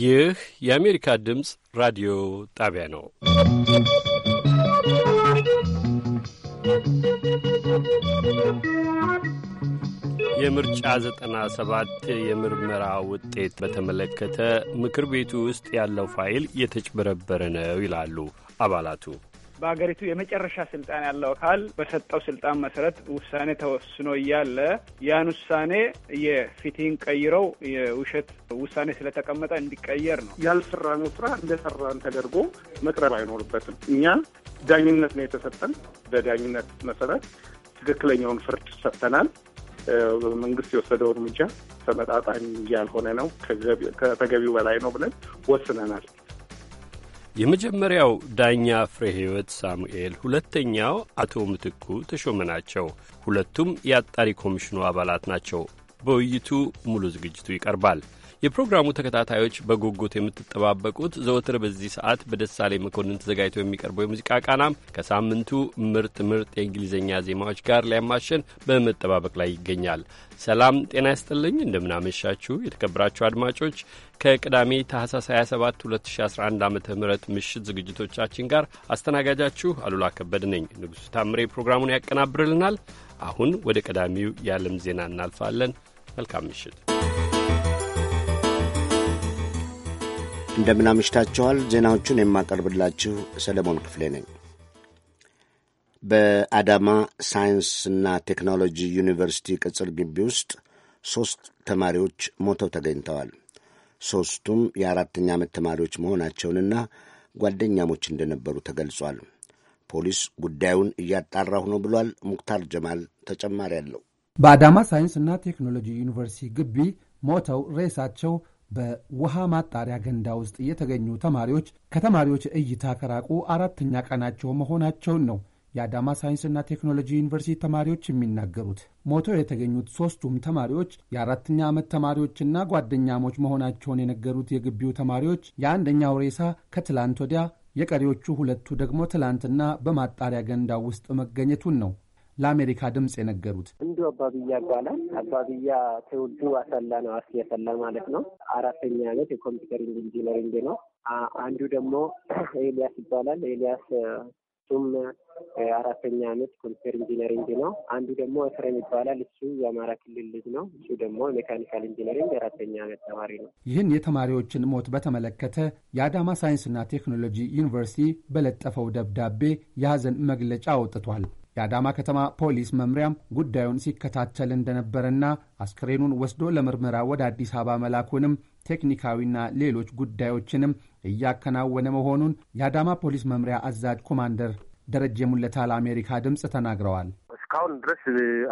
ይህ የአሜሪካ ድምፅ ራዲዮ ጣቢያ ነው። የምርጫ 97 የምርመራ ውጤት በተመለከተ ምክር ቤቱ ውስጥ ያለው ፋይል የተጭበረበረ ነው ይላሉ አባላቱ። በሀገሪቱ የመጨረሻ ስልጣን ያለው አካል በሰጠው ስልጣን መሰረት ውሳኔ ተወስኖ እያለ ያን ውሳኔ የፊትህን ቀይረው የውሸት ውሳኔ ስለተቀመጠ እንዲቀየር ነው። ያልሰራነው ስራ እንደሰራን ተደርጎ መቅረብ አይኖርበትም። እኛ ዳኝነት ነው የተሰጠን። በዳኝነት መሰረት ትክክለኛውን ፍርድ ሰጥተናል። መንግስት የወሰደው እርምጃ ተመጣጣኝ ያልሆነ ነው፣ ከተገቢው በላይ ነው ብለን ወስነናል። የመጀመሪያው ዳኛ ፍሬ ሕይወት ሳሙኤል፣ ሁለተኛው አቶ ምትኩ ተሾመ ናቸው። ሁለቱም የአጣሪ ኮሚሽኑ አባላት ናቸው። በውይይቱ ሙሉ ዝግጅቱ ይቀርባል። የፕሮግራሙ ተከታታዮች በጉጉት የምትጠባበቁት ዘወትር በዚህ ሰዓት በደሳሌ መኮንን ተዘጋጅቶ የሚቀርበው የሙዚቃ ቃናም ከሳምንቱ ምርጥ ምርጥ የእንግሊዝኛ ዜማዎች ጋር ሊያማሸን በመጠባበቅ ላይ ይገኛል። ሰላም ጤና ይስጥልኝ። እንደምናመሻችሁ የተከበራችሁ አድማጮች ከቅዳሜ ታህሳስ 27 2011 ዓ ም ምሽት ዝግጅቶቻችን ጋር አስተናጋጃችሁ አሉላ ከበድ ነኝ። ንጉሡ ታምሬ ፕሮግራሙን ያቀናብርልናል። አሁን ወደ ቀዳሚው የዓለም ዜና እናልፋለን። መልካም ምሽት። እንደምን ዜናዎቹን የማቀርብላችሁ ሰለሞን ክፍሌ ነኝ። በአዳማ ሳይንስና ቴክኖሎጂ ዩኒቨርሲቲ ቅጽር ግቢ ውስጥ ሦስት ተማሪዎች ሞተው ተገኝተዋል። ሦስቱም የአራተኛ ዓመት ተማሪዎች መሆናቸውንና ጓደኛሞች እንደነበሩ ተገልጿል። ፖሊስ ጉዳዩን እያጣራሁ ነው ብሏል። ሙክታር ጀማል ተጨማሪ አለው። በአዳማ ሳይንስና ቴክኖሎጂ ዩኒቨርሲቲ ግቢ ሞተው ሬሳቸው በውሃ ማጣሪያ ገንዳ ውስጥ የተገኙ ተማሪዎች ከተማሪዎች እይታ ከራቁ አራተኛ ቀናቸው መሆናቸውን ነው የአዳማ ሳይንስና ቴክኖሎጂ ዩኒቨርሲቲ ተማሪዎች የሚናገሩት። ሞተው የተገኙት ሦስቱም ተማሪዎች የአራተኛ ዓመት ተማሪዎችና ጓደኛሞች መሆናቸውን የነገሩት የግቢው ተማሪዎች የአንደኛው ሬሳ ከትላንት ወዲያ የቀሪዎቹ ሁለቱ ደግሞ ትላንትና በማጣሪያ ገንዳ ውስጥ መገኘቱን ነው ለአሜሪካ ድምፅ የነገሩት እንዱ አባብያ ይባላል። አባብያ ትውልዱ አሰላ ነው፣ አስ አሰላ ማለት ነው። አራተኛ ዓመት የኮምፒውተር ኢንጂነሪንግ ነው። አንዱ ደግሞ ኤልያስ ይባላል። ኤልያስ እሱም አራተኛ ዓመት ኮምፒውተር ኢንጂነሪንግ ነው። አንዱ ደግሞ እስረም ይባላል። እሱ የአማራ ክልል ልጅ ነው። እሱ ደግሞ ሜካኒካል ኢንጂነሪንግ አራተኛ ዓመት ተማሪ ነው። ይህን የተማሪዎችን ሞት በተመለከተ የአዳማ ሳይንስና ቴክኖሎጂ ዩኒቨርሲቲ በለጠፈው ደብዳቤ የሐዘን መግለጫ አውጥቷል። የአዳማ ከተማ ፖሊስ መምሪያም ጉዳዩን ሲከታተል እንደነበረና አስክሬኑን ወስዶ ለምርመራ ወደ አዲስ አበባ መላኩንም ቴክኒካዊና ሌሎች ጉዳዮችንም እያከናወነ መሆኑን የአዳማ ፖሊስ መምሪያ አዛዥ ኮማንደር ደረጀ ሙለታ ለአሜሪካ ድምፅ ተናግረዋል። እስካሁን ድረስ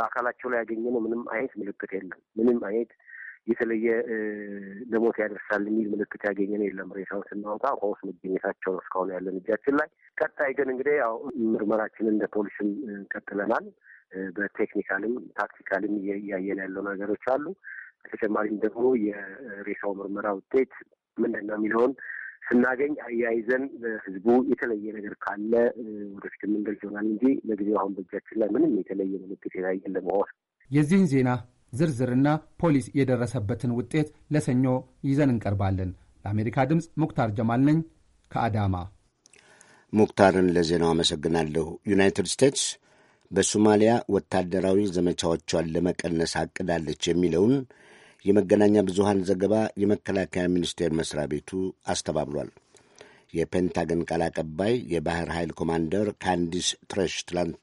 አካላቸው ላይ ያገኘነው ምንም አይነት ምልክት የለም። ምንም አይነት የተለየ ለሞት ያደርሳል የሚል ምልክት ያገኘን የለም። ሬሳውን ስናወጣ ውስጥ መገኘታቸው ነው እስካሁን ያለን እጃችን ላይ። ቀጣይ ግን እንግዲህ ያው ምርመራችንን እንደ ፖሊስም ቀጥለናል። በቴክኒካልም ታክቲካልም እያየን ያለው ነገሮች አሉ። በተጨማሪም ደግሞ የሬሳው ምርመራ ውጤት ምንድን ነው የሚለውን ስናገኝ አያይዘን ህዝቡ የተለየ ነገር ካለ ወደፊት የምንገልጽ ይሆናል እንጂ ለጊዜው አሁን በእጃችን ላይ ምንም የተለየ ምልክት የታየ ለመሆን የዚህን ዜና ዝርዝርና ፖሊስ የደረሰበትን ውጤት ለሰኞ ይዘን እንቀርባለን። ለአሜሪካ ድምፅ ሙክታር ጀማል ነኝ ከአዳማ። ሙክታርን ለዜናው አመሰግናለሁ። ዩናይትድ ስቴትስ በሶማሊያ ወታደራዊ ዘመቻዎቿን ለመቀነስ አቅዳለች የሚለውን የመገናኛ ብዙሃን ዘገባ የመከላከያ ሚኒስቴር መስሪያ ቤቱ አስተባብሏል። የፔንታገን ቃል አቀባይ የባህር ኃይል ኮማንደር ካንዲስ ትሬሽ ትላንት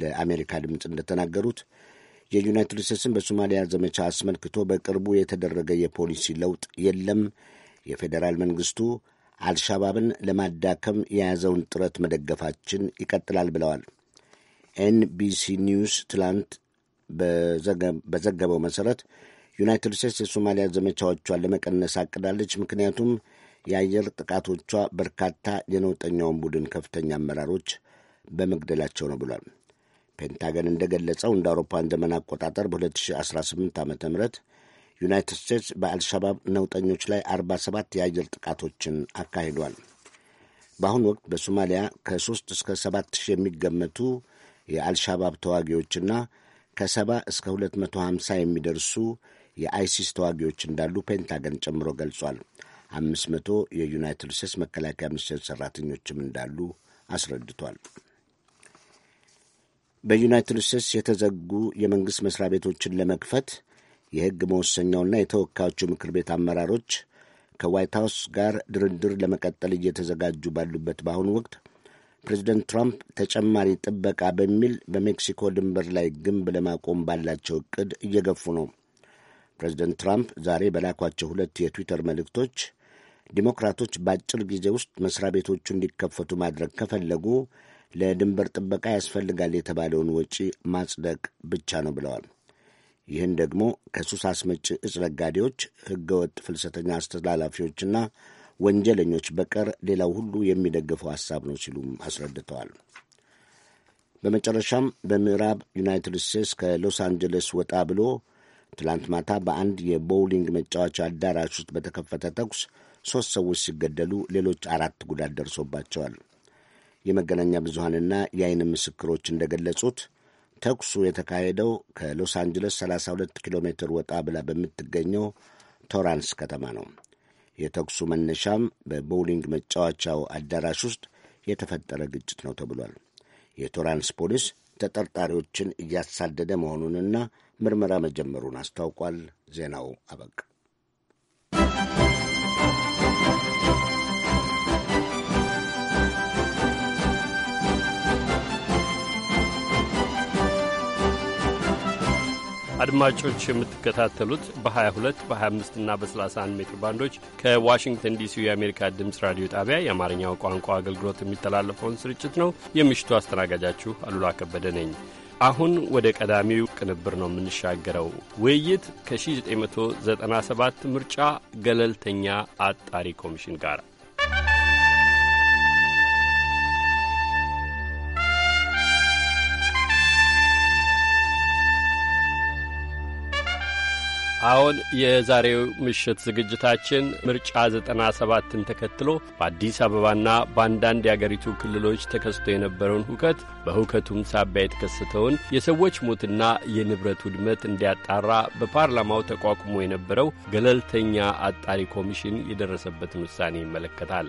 ለአሜሪካ ድምፅ እንደተናገሩት የዩናይትድ ስቴትስን በሶማሊያ ዘመቻ አስመልክቶ በቅርቡ የተደረገ የፖሊሲ ለውጥ የለም፣ የፌዴራል መንግስቱ አልሻባብን ለማዳከም የያዘውን ጥረት መደገፋችን ይቀጥላል ብለዋል። ኤንቢሲ ኒውስ ትላንት በዘገበው መሠረት ዩናይትድ ስቴትስ የሶማሊያ ዘመቻዎቿን ለመቀነስ አቅዳለች፣ ምክንያቱም የአየር ጥቃቶቿ በርካታ የነውጠኛውን ቡድን ከፍተኛ አመራሮች በመግደላቸው ነው ብሏል። ፔንታገን እንደገለጸው እንደ አውሮፓን ዘመን አቆጣጠር በ2018 ዓ ም ዩናይትድ ስቴትስ በአልሻባብ ነውጠኞች ላይ 47 የአየር ጥቃቶችን አካሂዷል። በአሁኑ ወቅት በሶማሊያ ከ3 እስከ 7 ሺህ የሚገመቱ የአልሻባብ ተዋጊዎችና ከ70 እስከ 250 የሚደርሱ የአይሲስ ተዋጊዎች እንዳሉ ፔንታገን ጨምሮ ገልጿል። 500 የዩናይትድ ስቴትስ መከላከያ ሚኒስቴር ሠራተኞችም እንዳሉ አስረድቷል። በዩናይትድ ስቴትስ የተዘጉ የመንግሥት መሥሪያ ቤቶችን ለመክፈት የሕግ መወሰኛውና የተወካዮቹ ምክር ቤት አመራሮች ከዋይት ሃውስ ጋር ድርድር ለመቀጠል እየተዘጋጁ ባሉበት በአሁኑ ወቅት ፕሬዚደንት ትራምፕ ተጨማሪ ጥበቃ በሚል በሜክሲኮ ድንበር ላይ ግንብ ለማቆም ባላቸው እቅድ እየገፉ ነው። ፕሬዚደንት ትራምፕ ዛሬ በላኳቸው ሁለት የትዊተር መልእክቶች ዲሞክራቶች በአጭር ጊዜ ውስጥ መስሪያ ቤቶቹ እንዲከፈቱ ማድረግ ከፈለጉ ለድንበር ጥበቃ ያስፈልጋል የተባለውን ወጪ ማጽደቅ ብቻ ነው ብለዋል። ይህን ደግሞ ከሱስ አስመጪ እጽ ነጋዴዎች፣ ህገወጥ ፍልሰተኛ አስተላላፊዎችና ወንጀለኞች በቀር ሌላው ሁሉ የሚደግፈው ሐሳብ ነው ሲሉም አስረድተዋል። በመጨረሻም በምዕራብ ዩናይትድ ስቴትስ ከሎስ አንጀለስ ወጣ ብሎ ትላንት ማታ በአንድ የቦውሊንግ መጫወቻ አዳራሽ ውስጥ በተከፈተ ተኩስ ሦስት ሰዎች ሲገደሉ ሌሎች አራት ጉዳት ደርሶባቸዋል። የመገናኛ ብዙሃንና የአይን ምስክሮች እንደገለጹት ተኩሱ የተካሄደው ከሎስ አንጅለስ 32 ኪሎ ሜትር ወጣ ብላ በምትገኘው ቶራንስ ከተማ ነው። የተኩሱ መነሻም በቦውሊንግ መጫወቻው አዳራሽ ውስጥ የተፈጠረ ግጭት ነው ተብሏል። የቶራንስ ፖሊስ ተጠርጣሪዎችን እያሳደደ መሆኑንና ምርመራ መጀመሩን አስታውቋል። ዜናው አበቃ። አድማጮች የምትከታተሉት በ22 በ25 እና በ31 ሜትር ባንዶች ከዋሽንግተን ዲሲ የአሜሪካ ድምፅ ራዲዮ ጣቢያ የአማርኛው ቋንቋ አገልግሎት የሚተላለፈውን ስርጭት ነው። የምሽቱ አስተናጋጃችሁ አሉላ ከበደ ነኝ። አሁን ወደ ቀዳሚው ቅንብር ነው የምንሻገረው። ውይይት ከ1997 ምርጫ ገለልተኛ አጣሪ ኮሚሽን ጋር አሁን የዛሬው ምሽት ዝግጅታችን ምርጫ 97ን ተከትሎ በአዲስ አበባና በአንዳንድ የአገሪቱ ክልሎች ተከስቶ የነበረውን ሁከት በሁከቱም ሳቢያ የተከሰተውን የሰዎች ሞትና የንብረት ውድመት እንዲያጣራ በፓርላማው ተቋቁሞ የነበረው ገለልተኛ አጣሪ ኮሚሽን የደረሰበትን ውሳኔ ይመለከታል።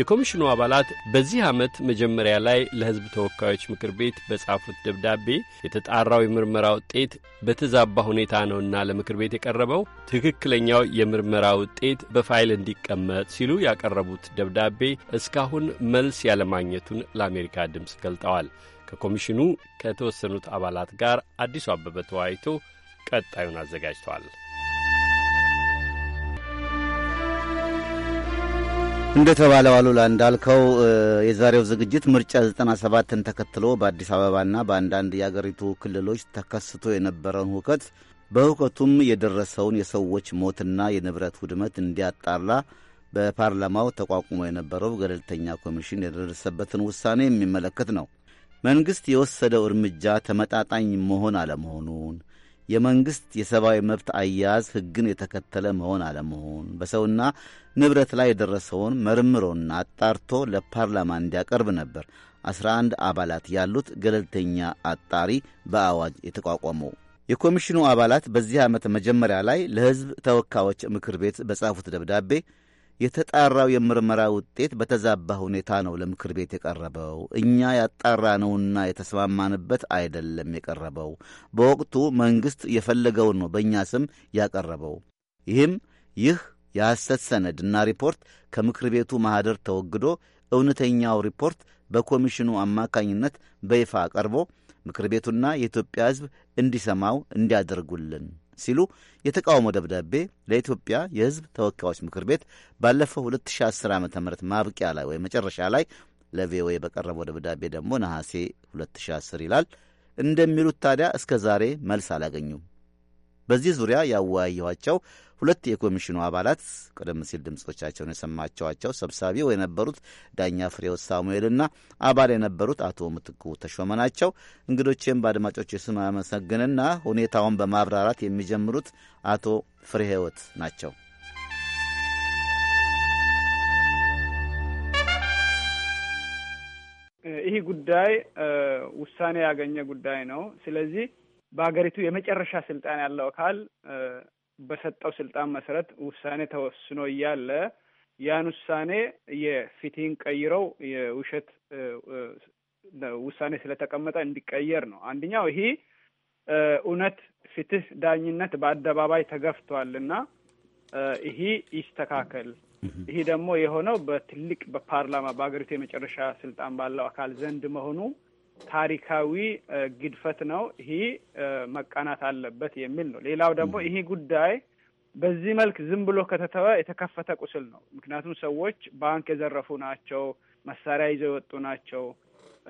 የኮሚሽኑ አባላት በዚህ ዓመት መጀመሪያ ላይ ለሕዝብ ተወካዮች ምክር ቤት በጻፉት ደብዳቤ የተጣራው የምርመራ ውጤት በተዛባ ሁኔታ ነውና ለምክር ቤት ያቀረበው ትክክለኛው የምርመራ ውጤት በፋይል እንዲቀመጥ ሲሉ ያቀረቡት ደብዳቤ እስካሁን መልስ ያለማግኘቱን ለአሜሪካ ድምፅ ገልጠዋል። ከኮሚሽኑ ከተወሰኑት አባላት ጋር አዲሱ አበበ ተወያይቶ ቀጣዩን አዘጋጅተዋል። እንደ ተባለው አሉላ እንዳልከው የዛሬው ዝግጅት ምርጫ 97ን ተከትሎ በአዲስ አበባና በአንዳንድ የአገሪቱ ክልሎች ተከስቶ የነበረውን ሁከት በሁከቱም የደረሰውን የሰዎች ሞትና የንብረት ውድመት እንዲያጣላ በፓርላማው ተቋቁሞ የነበረው ገለልተኛ ኮሚሽን የደረሰበትን ውሳኔ የሚመለከት ነው። መንግሥት የወሰደው እርምጃ ተመጣጣኝ መሆን አለመሆኑን፣ የመንግሥት የሰብአዊ መብት አያያዝ ሕግን የተከተለ መሆን አለመሆን፣ በሰውና ንብረት ላይ የደረሰውን መርምሮና አጣርቶ ለፓርላማ እንዲያቀርብ ነበር 11 አባላት ያሉት ገለልተኛ አጣሪ በአዋጅ የተቋቋመው። የኮሚሽኑ አባላት በዚህ ዓመት መጀመሪያ ላይ ለሕዝብ ተወካዮች ምክር ቤት በጻፉት ደብዳቤ የተጣራው የምርመራ ውጤት በተዛባ ሁኔታ ነው ለምክር ቤት የቀረበው፣ እኛ ያጣራነውና የተስማማንበት አይደለም የቀረበው። በወቅቱ መንግሥት የፈለገውን ነው በእኛ ስም ያቀረበው። ይህም ይህ የሐሰት ሰነድና ሪፖርት ከምክር ቤቱ ማኅደር ተወግዶ እውነተኛው ሪፖርት በኮሚሽኑ አማካኝነት በይፋ ቀርቦ ምክር ቤቱና የኢትዮጵያ ሕዝብ እንዲሰማው እንዲያደርጉልን ሲሉ የተቃውሞ ደብዳቤ ለኢትዮጵያ የሕዝብ ተወካዮች ምክር ቤት ባለፈው 2010 ዓ ም ማብቂያ ላይ ወይም መጨረሻ ላይ ለቪኦኤ በቀረበው ደብዳቤ ደግሞ ነሐሴ 2010 ይላል። እንደሚሉት ታዲያ እስከ ዛሬ መልስ አላገኙም። በዚህ ዙሪያ ያወያየኋቸው ሁለት የኮሚሽኑ አባላት ቀደም ሲል ድምፆቻቸውን የሰማቸዋቸው ሰብሳቢው የነበሩት ዳኛ ፍሬዎት ሳሙኤልና አባል የነበሩት አቶ ምትኩ ተሾመ ናቸው። እንግዶቼም በአድማጮች ስም አመሰግንና ሁኔታውን በማብራራት የሚጀምሩት አቶ ፍሬ ህይወት ናቸው። ይህ ጉዳይ ውሳኔ ያገኘ ጉዳይ ነው። ስለዚህ በሀገሪቱ የመጨረሻ ስልጣን ያለው አካል በሰጠው ስልጣን መሰረት ውሳኔ ተወስኖ እያለ ያን ውሳኔ የፊቲን ቀይረው የውሸት ውሳኔ ስለተቀመጠ እንዲቀየር ነው። አንደኛው ይሄ እውነት፣ ፍትህ፣ ዳኝነት በአደባባይ ተገፍቷል እና ይሄ ይስተካከል። ይሄ ደግሞ የሆነው በትልቅ በፓርላማ በሀገሪቱ የመጨረሻ ስልጣን ባለው አካል ዘንድ መሆኑ ታሪካዊ ግድፈት ነው። ይህ መቃናት አለበት የሚል ነው። ሌላው ደግሞ ይህ ጉዳይ በዚህ መልክ ዝም ብሎ ከተተወ የተከፈተ ቁስል ነው። ምክንያቱም ሰዎች ባንክ የዘረፉ ናቸው፣ መሳሪያ ይዘው የወጡ ናቸው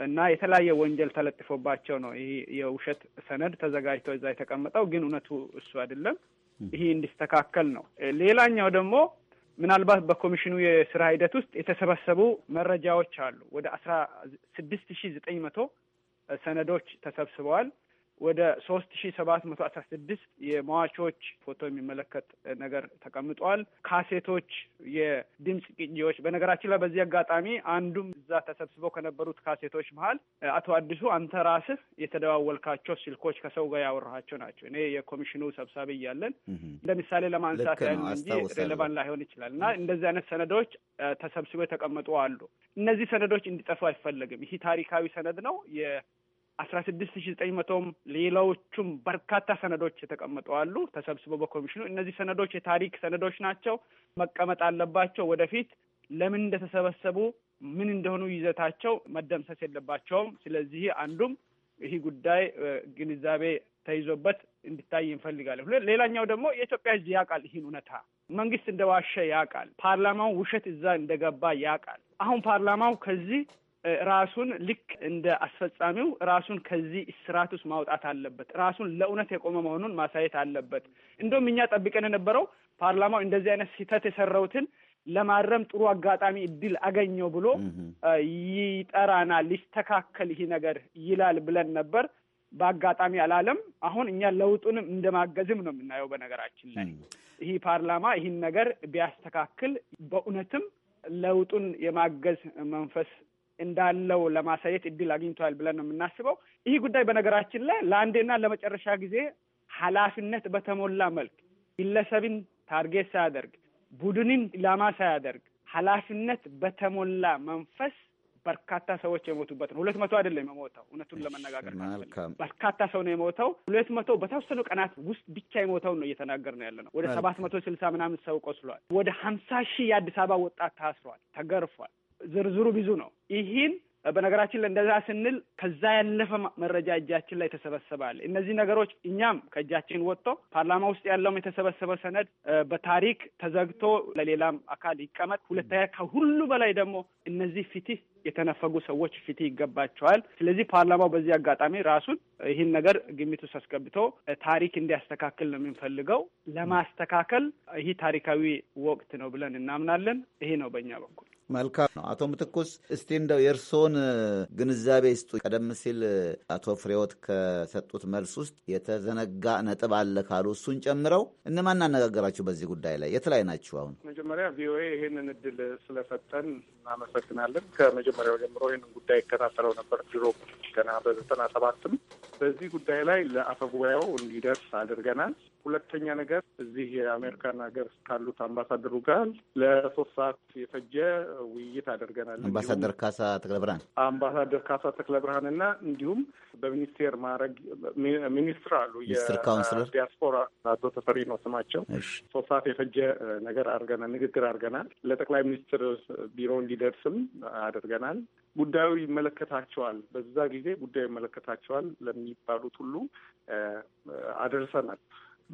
እና የተለያየ ወንጀል ተለጥፎባቸው ነው ይህ የውሸት ሰነድ ተዘጋጅተው እዛ የተቀመጠው፣ ግን እውነቱ እሱ አይደለም። ይህ እንዲስተካከል ነው። ሌላኛው ደግሞ ምናልባት በኮሚሽኑ የስራ ሂደት ውስጥ የተሰበሰቡ መረጃዎች አሉ። ወደ አስራ ስድስት ሺ ዘጠኝ መቶ ሰነዶች ተሰብስበዋል። ወደ ሶስት ሺ ሰባት መቶ አስራ ስድስት የሟቾች ፎቶ የሚመለከት ነገር ተቀምጧል። ካሴቶች፣ የድምፅ ቅጂዎች። በነገራችን ላይ በዚህ አጋጣሚ አንዱም እዛ ተሰብስበው ከነበሩት ካሴቶች መሀል አቶ አዲሱ አንተ ራስህ የተደዋወልካቸው ስልኮች ከሰው ጋር ያወራሃቸው ናቸው። እኔ የኮሚሽኑ ሰብሳቢ እያለን እንደ ምሳሌ ለማንሳት ያሉ እንጂ ሬሌቫንት ላይሆን ይችላል እና እንደዚህ አይነት ሰነዶች ተሰብስበው የተቀመጡ አሉ። እነዚህ ሰነዶች እንዲጠፉ አይፈለግም። ይህ ታሪካዊ ሰነድ ነው። አስራ ስድስት ሺ ዘጠኝ መቶም ሌሎቹም በርካታ ሰነዶች የተቀመጡ አሉ ተሰብስበው በኮሚሽኑ። እነዚህ ሰነዶች የታሪክ ሰነዶች ናቸው፣ መቀመጥ አለባቸው። ወደፊት ለምን እንደተሰበሰቡ ምን እንደሆኑ ይዘታቸው መደምሰስ የለባቸውም። ስለዚህ አንዱም ይህ ጉዳይ ግንዛቤ ተይዞበት እንዲታይ እንፈልጋለን። ሌላኛው ደግሞ የኢትዮጵያ ህዝብ ያውቃል ይህን እውነታ። መንግስት እንደዋሸ ያውቃል። ፓርላማው ውሸት እዛ እንደገባ ያውቃል። አሁን ፓርላማው ከዚህ ራሱን ልክ እንደ አስፈጻሚው ራሱን ከዚህ እስራት ውስጥ ማውጣት አለበት። ራሱን ለእውነት የቆመ መሆኑን ማሳየት አለበት። እንደውም እኛ ጠብቀን የነበረው ፓርላማው እንደዚህ አይነት ስህተት የሰራውትን ለማረም ጥሩ አጋጣሚ እድል አገኘው ብሎ ይጠራናል፣ ሊስተካከል ይህ ነገር ይላል ብለን ነበር። በአጋጣሚ አላለም። አሁን እኛ ለውጡንም እንደማገዝም ነው የምናየው። በነገራችን ላይ ይህ ፓርላማ ይህን ነገር ቢያስተካክል በእውነትም ለውጡን የማገዝ መንፈስ እንዳለው ለማሳየት እድል አግኝቷል ብለን ነው የምናስበው። ይህ ጉዳይ በነገራችን ላይ ለአንዴና ለመጨረሻ ጊዜ ኃላፊነት በተሞላ መልክ ግለሰብን ታርጌት ሳያደርግ፣ ቡድንን ኢላማ ሳያደርግ ኃላፊነት በተሞላ መንፈስ በርካታ ሰዎች የሞቱበት ነው። ሁለት መቶ አይደለም የሞተው እውነቱን ለመነጋገር በርካታ ሰው ነው የሞተው። ሁለት መቶ በተወሰኑ ቀናት ውስጥ ብቻ የሞተው ነው እየተናገር ነው ያለ ነው። ወደ ሰባት መቶ ስልሳ ምናምን ሰው ቆስሏል። ወደ ሀምሳ ሺህ የአዲስ አበባ ወጣት ታስሯል፣ ተገርፏል። ዝርዝሩ ብዙ ነው። ይህን በነገራችን ላይ እንደዛ ስንል ከዛ ያለፈ መረጃ እጃችን ላይ ተሰበሰባል። እነዚህ ነገሮች እኛም ከእጃችን ወጥቶ ፓርላማ ውስጥ ያለውም የተሰበሰበ ሰነድ በታሪክ ተዘግቶ ለሌላም አካል ይቀመጥ። ሁለተኛ ከሁሉ በላይ ደግሞ እነዚህ ፍትህ የተነፈጉ ሰዎች ፍትህ ይገባቸዋል። ስለዚህ ፓርላማው በዚህ አጋጣሚ ራሱን ይህን ነገር ግምት ውስጥ አስገብቶ ታሪክ እንዲያስተካክል ነው የምንፈልገው። ለማስተካከል ይህ ታሪካዊ ወቅት ነው ብለን እናምናለን። ይሄ ነው በእኛ በኩል መልካም ነው። አቶ ምትኩስ እስቲ እንደው የእርስዎን ግንዛቤ ይስጡ። ቀደም ሲል አቶ ፍሬወት ከሰጡት መልስ ውስጥ የተዘነጋ ነጥብ አለ ካሉ እሱን ጨምረው እነማን አነጋገራችሁ? በዚህ ጉዳይ ላይ የት ላይ ናችሁ? አሁን መጀመሪያ ቪኦኤ ይህንን እድል ስለሰጠን እናመሰግናለን። ከመጀመሪያው ጀምሮ ይህንን ጉዳይ ይከታተለው ነበር ድሮ ገና በዘጠና ሰባትም በዚህ ጉዳይ ላይ ለአፈጉባኤው እንዲደርስ አድርገናል። ሁለተኛ ነገር እዚህ የአሜሪካን ሀገር ካሉት አምባሳደሩ ጋር ለሶስት ሰዓት የፈጀ ውይይት አድርገናል። አምባሳደር ካሳ ተክለ ብርሃን አምባሳደር ካሳ ተክለ ብርሃን እና እንዲሁም በሚኒስቴር ማዕረግ ሚኒስትር አሉ ሚኒስትር ካውንስለር ዲያስፖራ አቶ ተፈሪ ነው ስማቸው። ሶስት ሰዓት የፈጀ ነገር አድርገናል፣ ንግግር አድርገናል። ለጠቅላይ ሚኒስትር ቢሮ እንዲደርስም አድርገናል። ጉዳዩ ይመለከታቸዋል፣ በዛ ጊዜ ጉዳዩ ይመለከታቸዋል ለሚባሉት ሁሉ አደርሰናል።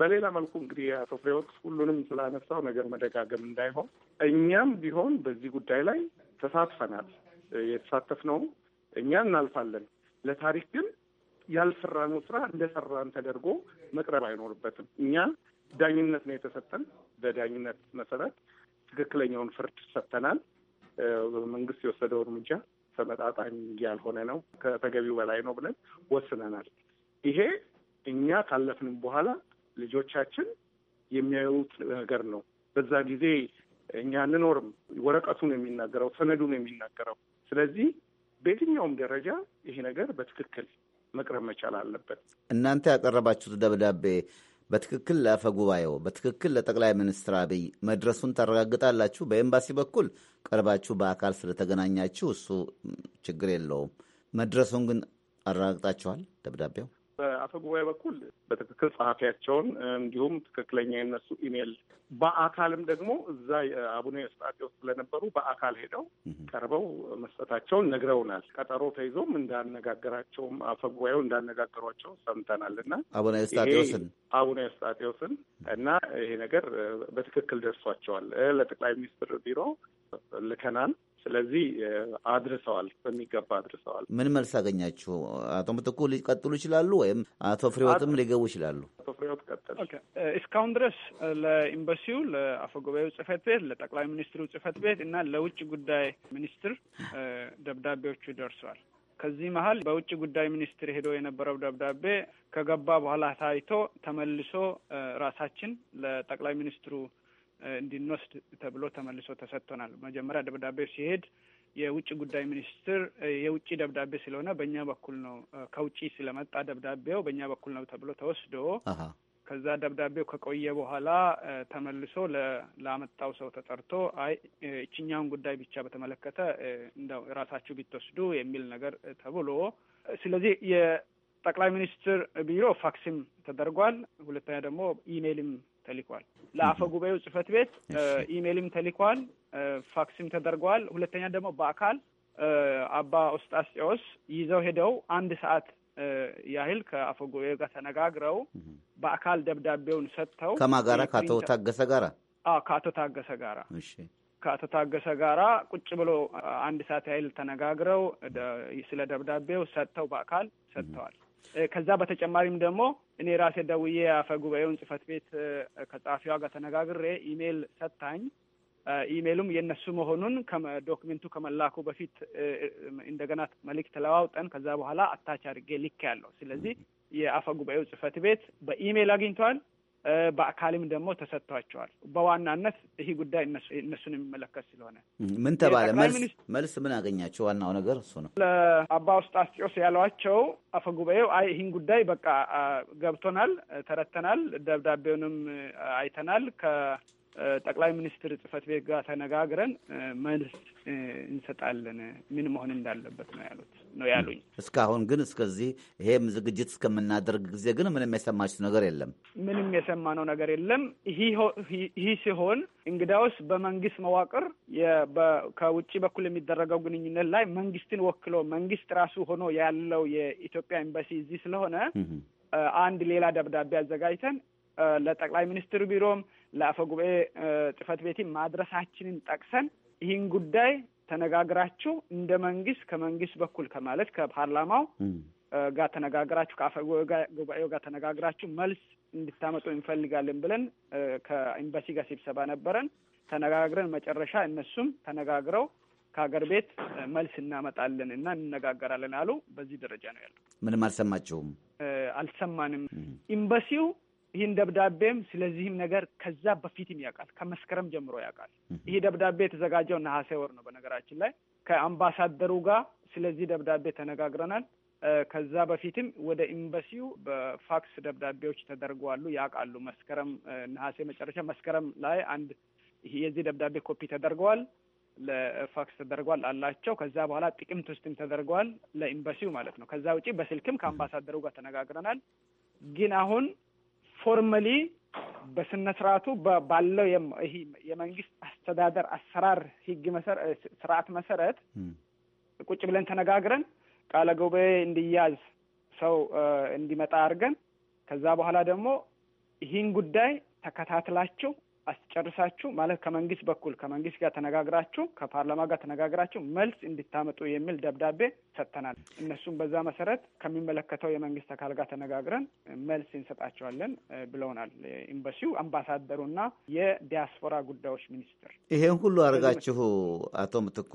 በሌላ መልኩ እንግዲህ አቶ ፍሬዎት ሁሉንም ስላነሳው ነገር መደጋገም እንዳይሆን እኛም ቢሆን በዚህ ጉዳይ ላይ ተሳትፈናል። የተሳተፍነው እኛ እናልፋለን። ለታሪክ ግን ያልሰራነው ስራ እንደሰራን ተደርጎ መቅረብ አይኖርበትም። እኛ ዳኝነት ነው የተሰጠን። በዳኝነት መሰረት ትክክለኛውን ፍርድ ሰጥተናል። መንግስት የወሰደው እርምጃ ተመጣጣኝ ያልሆነ ነው፣ ከተገቢው በላይ ነው ብለን ወስነናል። ይሄ እኛ ካለፍንም በኋላ ልጆቻችን የሚያዩት ነገር ነው። በዛ ጊዜ እኛ አንኖርም። ወረቀቱን የሚናገረው ሰነዱን የሚናገረው ስለዚህ በየትኛውም ደረጃ ይሄ ነገር በትክክል መቅረብ መቻል አለበት። እናንተ ያቀረባችሁት ደብዳቤ በትክክል ለአፈ ጉባኤው በትክክል ለጠቅላይ ሚኒስትር አብይ መድረሱን ታረጋግጣላችሁ። በኤምባሲ በኩል ቀርባችሁ በአካል ስለተገናኛችሁ እሱ ችግር የለውም። መድረሱን ግን አረጋግጣችኋል ደብዳቤው በአፈ ጉባኤ በኩል በትክክል ጸሐፊያቸውን እንዲሁም ትክክለኛ የነሱ ኢሜይል በአካልም ደግሞ እዛ አቡነ ኤስጣቴዎስ ስለነበሩ በአካል ሄደው ቀርበው መስጠታቸውን ነግረውናል። ቀጠሮ ተይዞም እንዳነጋገራቸውም አፈ ጉባኤው እንዳነጋገሯቸው ሰምተናል እና አቡነ ኤስጣቴዎስን አቡነ እና ይሄ ነገር በትክክል ደርሷቸዋል። ለጠቅላይ ሚኒስትር ቢሮ ልከናል። ስለዚህ አድርሰዋል፣ በሚገባ አድርሰዋል። ምን መልስ አገኛችሁ? አቶ ምትኩ ሊቀጥሉ ይችላሉ ወይም አቶ ፍሬወትም ሊገቡ ይችላሉ? አቶ ፍሬወት ቀጥል። እስካሁን ድረስ ለኤምባሲው፣ ለአፈጉባኤው ጽህፈት ቤት፣ ለጠቅላይ ሚኒስትሩ ጽህፈት ቤት እና ለውጭ ጉዳይ ሚኒስትር ደብዳቤዎቹ ደርሰዋል። ከዚህ መሀል በውጭ ጉዳይ ሚኒስትር ሄዶ የነበረው ደብዳቤ ከገባ በኋላ ታይቶ ተመልሶ ራሳችን ለጠቅላይ ሚኒስትሩ እንድንወስድ ተብሎ ተመልሶ ተሰጥቶናል። መጀመሪያ ደብዳቤ ሲሄድ የውጭ ጉዳይ ሚኒስትር የውጭ ደብዳቤ ስለሆነ በእኛ በኩል ነው ከውጭ ስለመጣ ደብዳቤው በእኛ በኩል ነው ተብሎ ተወስዶ ከዛ ደብዳቤው ከቆየ በኋላ ተመልሶ ላመጣው ሰው ተጠርቶ አይ እችኛውን ጉዳይ ብቻ በተመለከተ እንደው ራሳችሁ ቢትወስዱ የሚል ነገር ተብሎ ስለዚህ የጠቅላይ ሚኒስትር ቢሮ ፋክስም ተደርጓል። ሁለተኛ ደግሞ ኢሜይልም ተልኳል። ለአፈ ጉባኤው ጽህፈት ቤት ኢሜይልም ተልኳል፣ ፋክስም ተደርገዋል። ሁለተኛ ደግሞ በአካል አባ ውስጣስጢዎስ ይዘው ሄደው አንድ ሰዓት ያህል ከአፈ ጉባኤው ጋር ተነጋግረው በአካል ደብዳቤውን ሰጥተው ከማ ጋራ? ከአቶ ታገሰ ጋራ ከአቶ ታገሰ ጋራ ከአቶ ታገሰ ጋራ ቁጭ ብሎ አንድ ሰዓት ያህል ተነጋግረው ስለ ደብዳቤው ሰጥተው በአካል ሰጥተዋል። ከዛ በተጨማሪም ደግሞ እኔ ራሴ ደውዬ አፈ ጉባኤውን ጽህፈት ቤት ከጸሐፊዋ ጋር ተነጋግሬ ኢሜይል ሰጥታኝ ኢሜይሉም የእነሱ መሆኑን ዶክመንቱ ከመላኩ በፊት እንደገና መልክ ተለዋውጠን ከዛ በኋላ አታች አድርጌ ልክ ያለው። ስለዚህ የአፈ ጉባኤው ጽህፈት ቤት በኢሜይል አግኝተዋል። በአካልም ደግሞ ተሰጥቷቸዋል። በዋናነት ይህ ጉዳይ እነሱን የሚመለከት ስለሆነ ምን ተባለ? መልስ ምን አገኛቸው? ዋናው ነገር እሱ ነው። ለአባ ውስጣስጢዮስ ያሏቸው አፈጉባኤው አይ ይህን ጉዳይ በቃ ገብቶናል፣ ተረተናል፣ ደብዳቤውንም አይተናል ጠቅላይ ሚኒስትር ጽህፈት ቤት ጋር ተነጋግረን መልስ እንሰጣለን ምን መሆን እንዳለበት ነው ያሉት ነው ያሉኝ። እስካሁን ግን እስከዚህ ይሄም ዝግጅት እስከምናደርግ ጊዜ ግን ምንም የሰማችው ነገር የለም? ምንም የሰማነው ነገር የለም። ይህ ሲሆን እንግዳውስ በመንግስት መዋቅር ከውጭ በኩል የሚደረገው ግንኙነት ላይ መንግስትን ወክሎ መንግስት ራሱ ሆኖ ያለው የኢትዮጵያ ኤምባሲ እዚህ ስለሆነ አንድ ሌላ ደብዳቤ አዘጋጅተን ለጠቅላይ ሚኒስትር ቢሮም ለአፈ ጉባኤ ጽህፈት ቤት ማድረሳችንን ጠቅሰን ይህን ጉዳይ ተነጋግራችሁ እንደ መንግስት ከመንግስት በኩል ከማለት ከፓርላማው ጋር ተነጋግራችሁ ከአፈ ጉባኤው ጋር ተነጋግራችሁ መልስ እንድታመጡ እንፈልጋለን ብለን ከኤምባሲ ጋር ስብሰባ ነበረን። ተነጋግረን መጨረሻ እነሱም ተነጋግረው ከሀገር ቤት መልስ እናመጣለን እና እንነጋገራለን አሉ። በዚህ ደረጃ ነው ያለው። ምንም አልሰማችሁም? አልሰማንም። ኤምባሲው ይህን ደብዳቤም ስለዚህም ነገር ከዛ በፊትም ያውቃል፣ ከመስከረም ጀምሮ ያውቃል። ይህ ደብዳቤ የተዘጋጀው ነሐሴ ወር ነው። በነገራችን ላይ ከአምባሳደሩ ጋር ስለዚህ ደብዳቤ ተነጋግረናል። ከዛ በፊትም ወደ ኤምባሲው በፋክስ ደብዳቤዎች ተደርገዋሉ፣ ያውቃሉ። መስከረም ነሐሴ መጨረሻ መስከረም ላይ አንድ የዚህ ደብዳቤ ኮፒ ተደርገዋል፣ ለፋክስ ተደርገዋል አላቸው። ከዛ በኋላ ጥቅምት ውስጥም ተደርገዋል፣ ለኤምባሲው ማለት ነው። ከዛ ውጪ በስልክም ከአምባሳደሩ ጋር ተነጋግረናል። ግን አሁን ፎርመሊ በስነ ስርዓቱ ባለው የመንግስት አስተዳደር አሰራር ህግ ስርዓት መሰረት ቁጭ ብለን ተነጋግረን ቃለ ጉባኤ እንዲያዝ ሰው እንዲመጣ አድርገን ከዛ በኋላ ደግሞ ይህን ጉዳይ ተከታትላችሁ አስጨርሳችሁ ማለት ከመንግስት በኩል ከመንግስት ጋር ተነጋግራችሁ ከፓርላማ ጋር ተነጋግራችሁ መልስ እንድታመጡ የሚል ደብዳቤ ሰጥተናል። እነሱም በዛ መሰረት ከሚመለከተው የመንግስት አካል ጋር ተነጋግረን መልስ እንሰጣቸዋለን ብለውናል። ኤምባሲው፣ አምባሳደሩና የዲያስፖራ ጉዳዮች ሚኒስትር። ይሄን ሁሉ አድርጋችሁ አቶ ምትኩ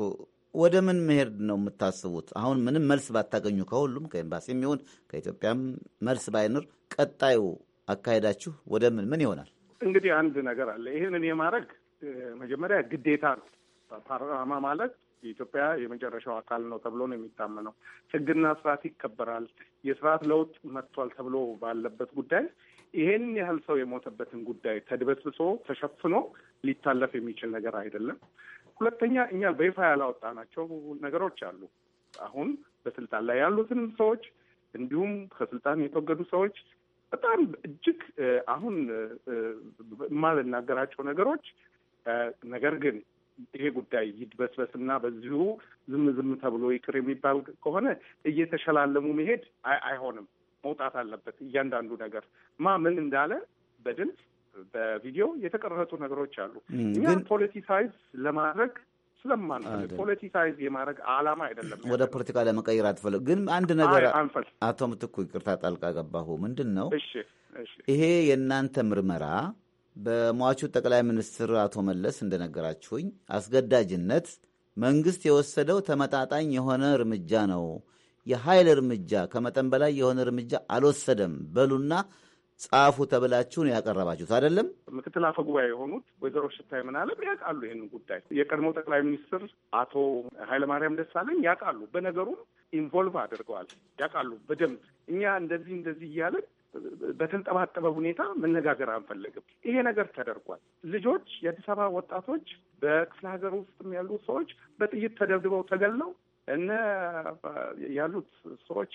ወደ ምን መሄድ ነው የምታስቡት? አሁን ምንም መልስ ባታገኙ ከሁሉም ከኤምባሲም ይሁን ከኢትዮጵያም መልስ ባይኖር ቀጣዩ አካሄዳችሁ ወደ ምን ምን ይሆናል? እንግዲህ አንድ ነገር አለ። ይህንን የማድረግ መጀመሪያ ግዴታ ነው። ፓርላማ ማለት የኢትዮጵያ የመጨረሻው አካል ነው ተብሎ ነው የሚታመነው። ህግና ስርዓት ይከበራል። የስርዓት ለውጥ መጥቷል ተብሎ ባለበት ጉዳይ ይሄን ያህል ሰው የሞተበትን ጉዳይ ተድበስብሶ ተሸፍኖ ሊታለፍ የሚችል ነገር አይደለም። ሁለተኛ እኛ በይፋ ያላወጣናቸው ነገሮች አሉ። አሁን በስልጣን ላይ ያሉትን ሰዎች እንዲሁም ከስልጣን የተወገዱ ሰዎች በጣም እጅግ አሁን የማልናገራቸው ነገሮች ነገር ግን ይሄ ጉዳይ ይድበስበስና በዚሁ ዝም ዝም ተብሎ ይቅር የሚባል ከሆነ እየተሸላለሙ መሄድ አይሆንም። መውጣት አለበት። እያንዳንዱ ነገር ማ ምን እንዳለ በድምፅ በቪዲዮ የተቀረጹ ነገሮች አሉ። እኛም ፖለቲሳይዝ ለማድረግ ስለማንፈልግ ፖለቲሳይዝ የማድረግ አላማ አይደለም። ወደ ፖለቲካ ለመቀየር አትፈልግ። ግን አንድ ነገር አቶ ምትኩ ይቅርታ ጣልቃ ገባሁ። ምንድን ነው ይሄ የእናንተ ምርመራ በሟቹ ጠቅላይ ሚኒስትር አቶ መለስ እንደነገራችሁኝ አስገዳጅነት መንግስት የወሰደው ተመጣጣኝ የሆነ እርምጃ ነው። የኃይል እርምጃ ከመጠን በላይ የሆነ እርምጃ አልወሰደም በሉና ጻፉ ተብላችሁ ነው ያቀረባችሁት አይደለም? ምክትል አፈ ጉባኤ የሆኑት ወይዘሮ ሽታይ ምናለም ያውቃሉ ይህን ጉዳይ። የቀድሞ ጠቅላይ ሚኒስትር አቶ ኃይለማርያም ደሳለኝ ያውቃሉ። በነገሩም ኢንቮልቭ አድርገዋል፣ ያውቃሉ በደንብ። እኛ እንደዚህ እንደዚህ እያለን በተንጠባጠበ ሁኔታ መነጋገር አንፈልግም። ይሄ ነገር ተደርጓል። ልጆች፣ የአዲስ አበባ ወጣቶች፣ በክፍለ ሀገር ውስጥም ያሉ ሰዎች በጥይት ተደብድበው ተገለው እነ ያሉት ሰዎች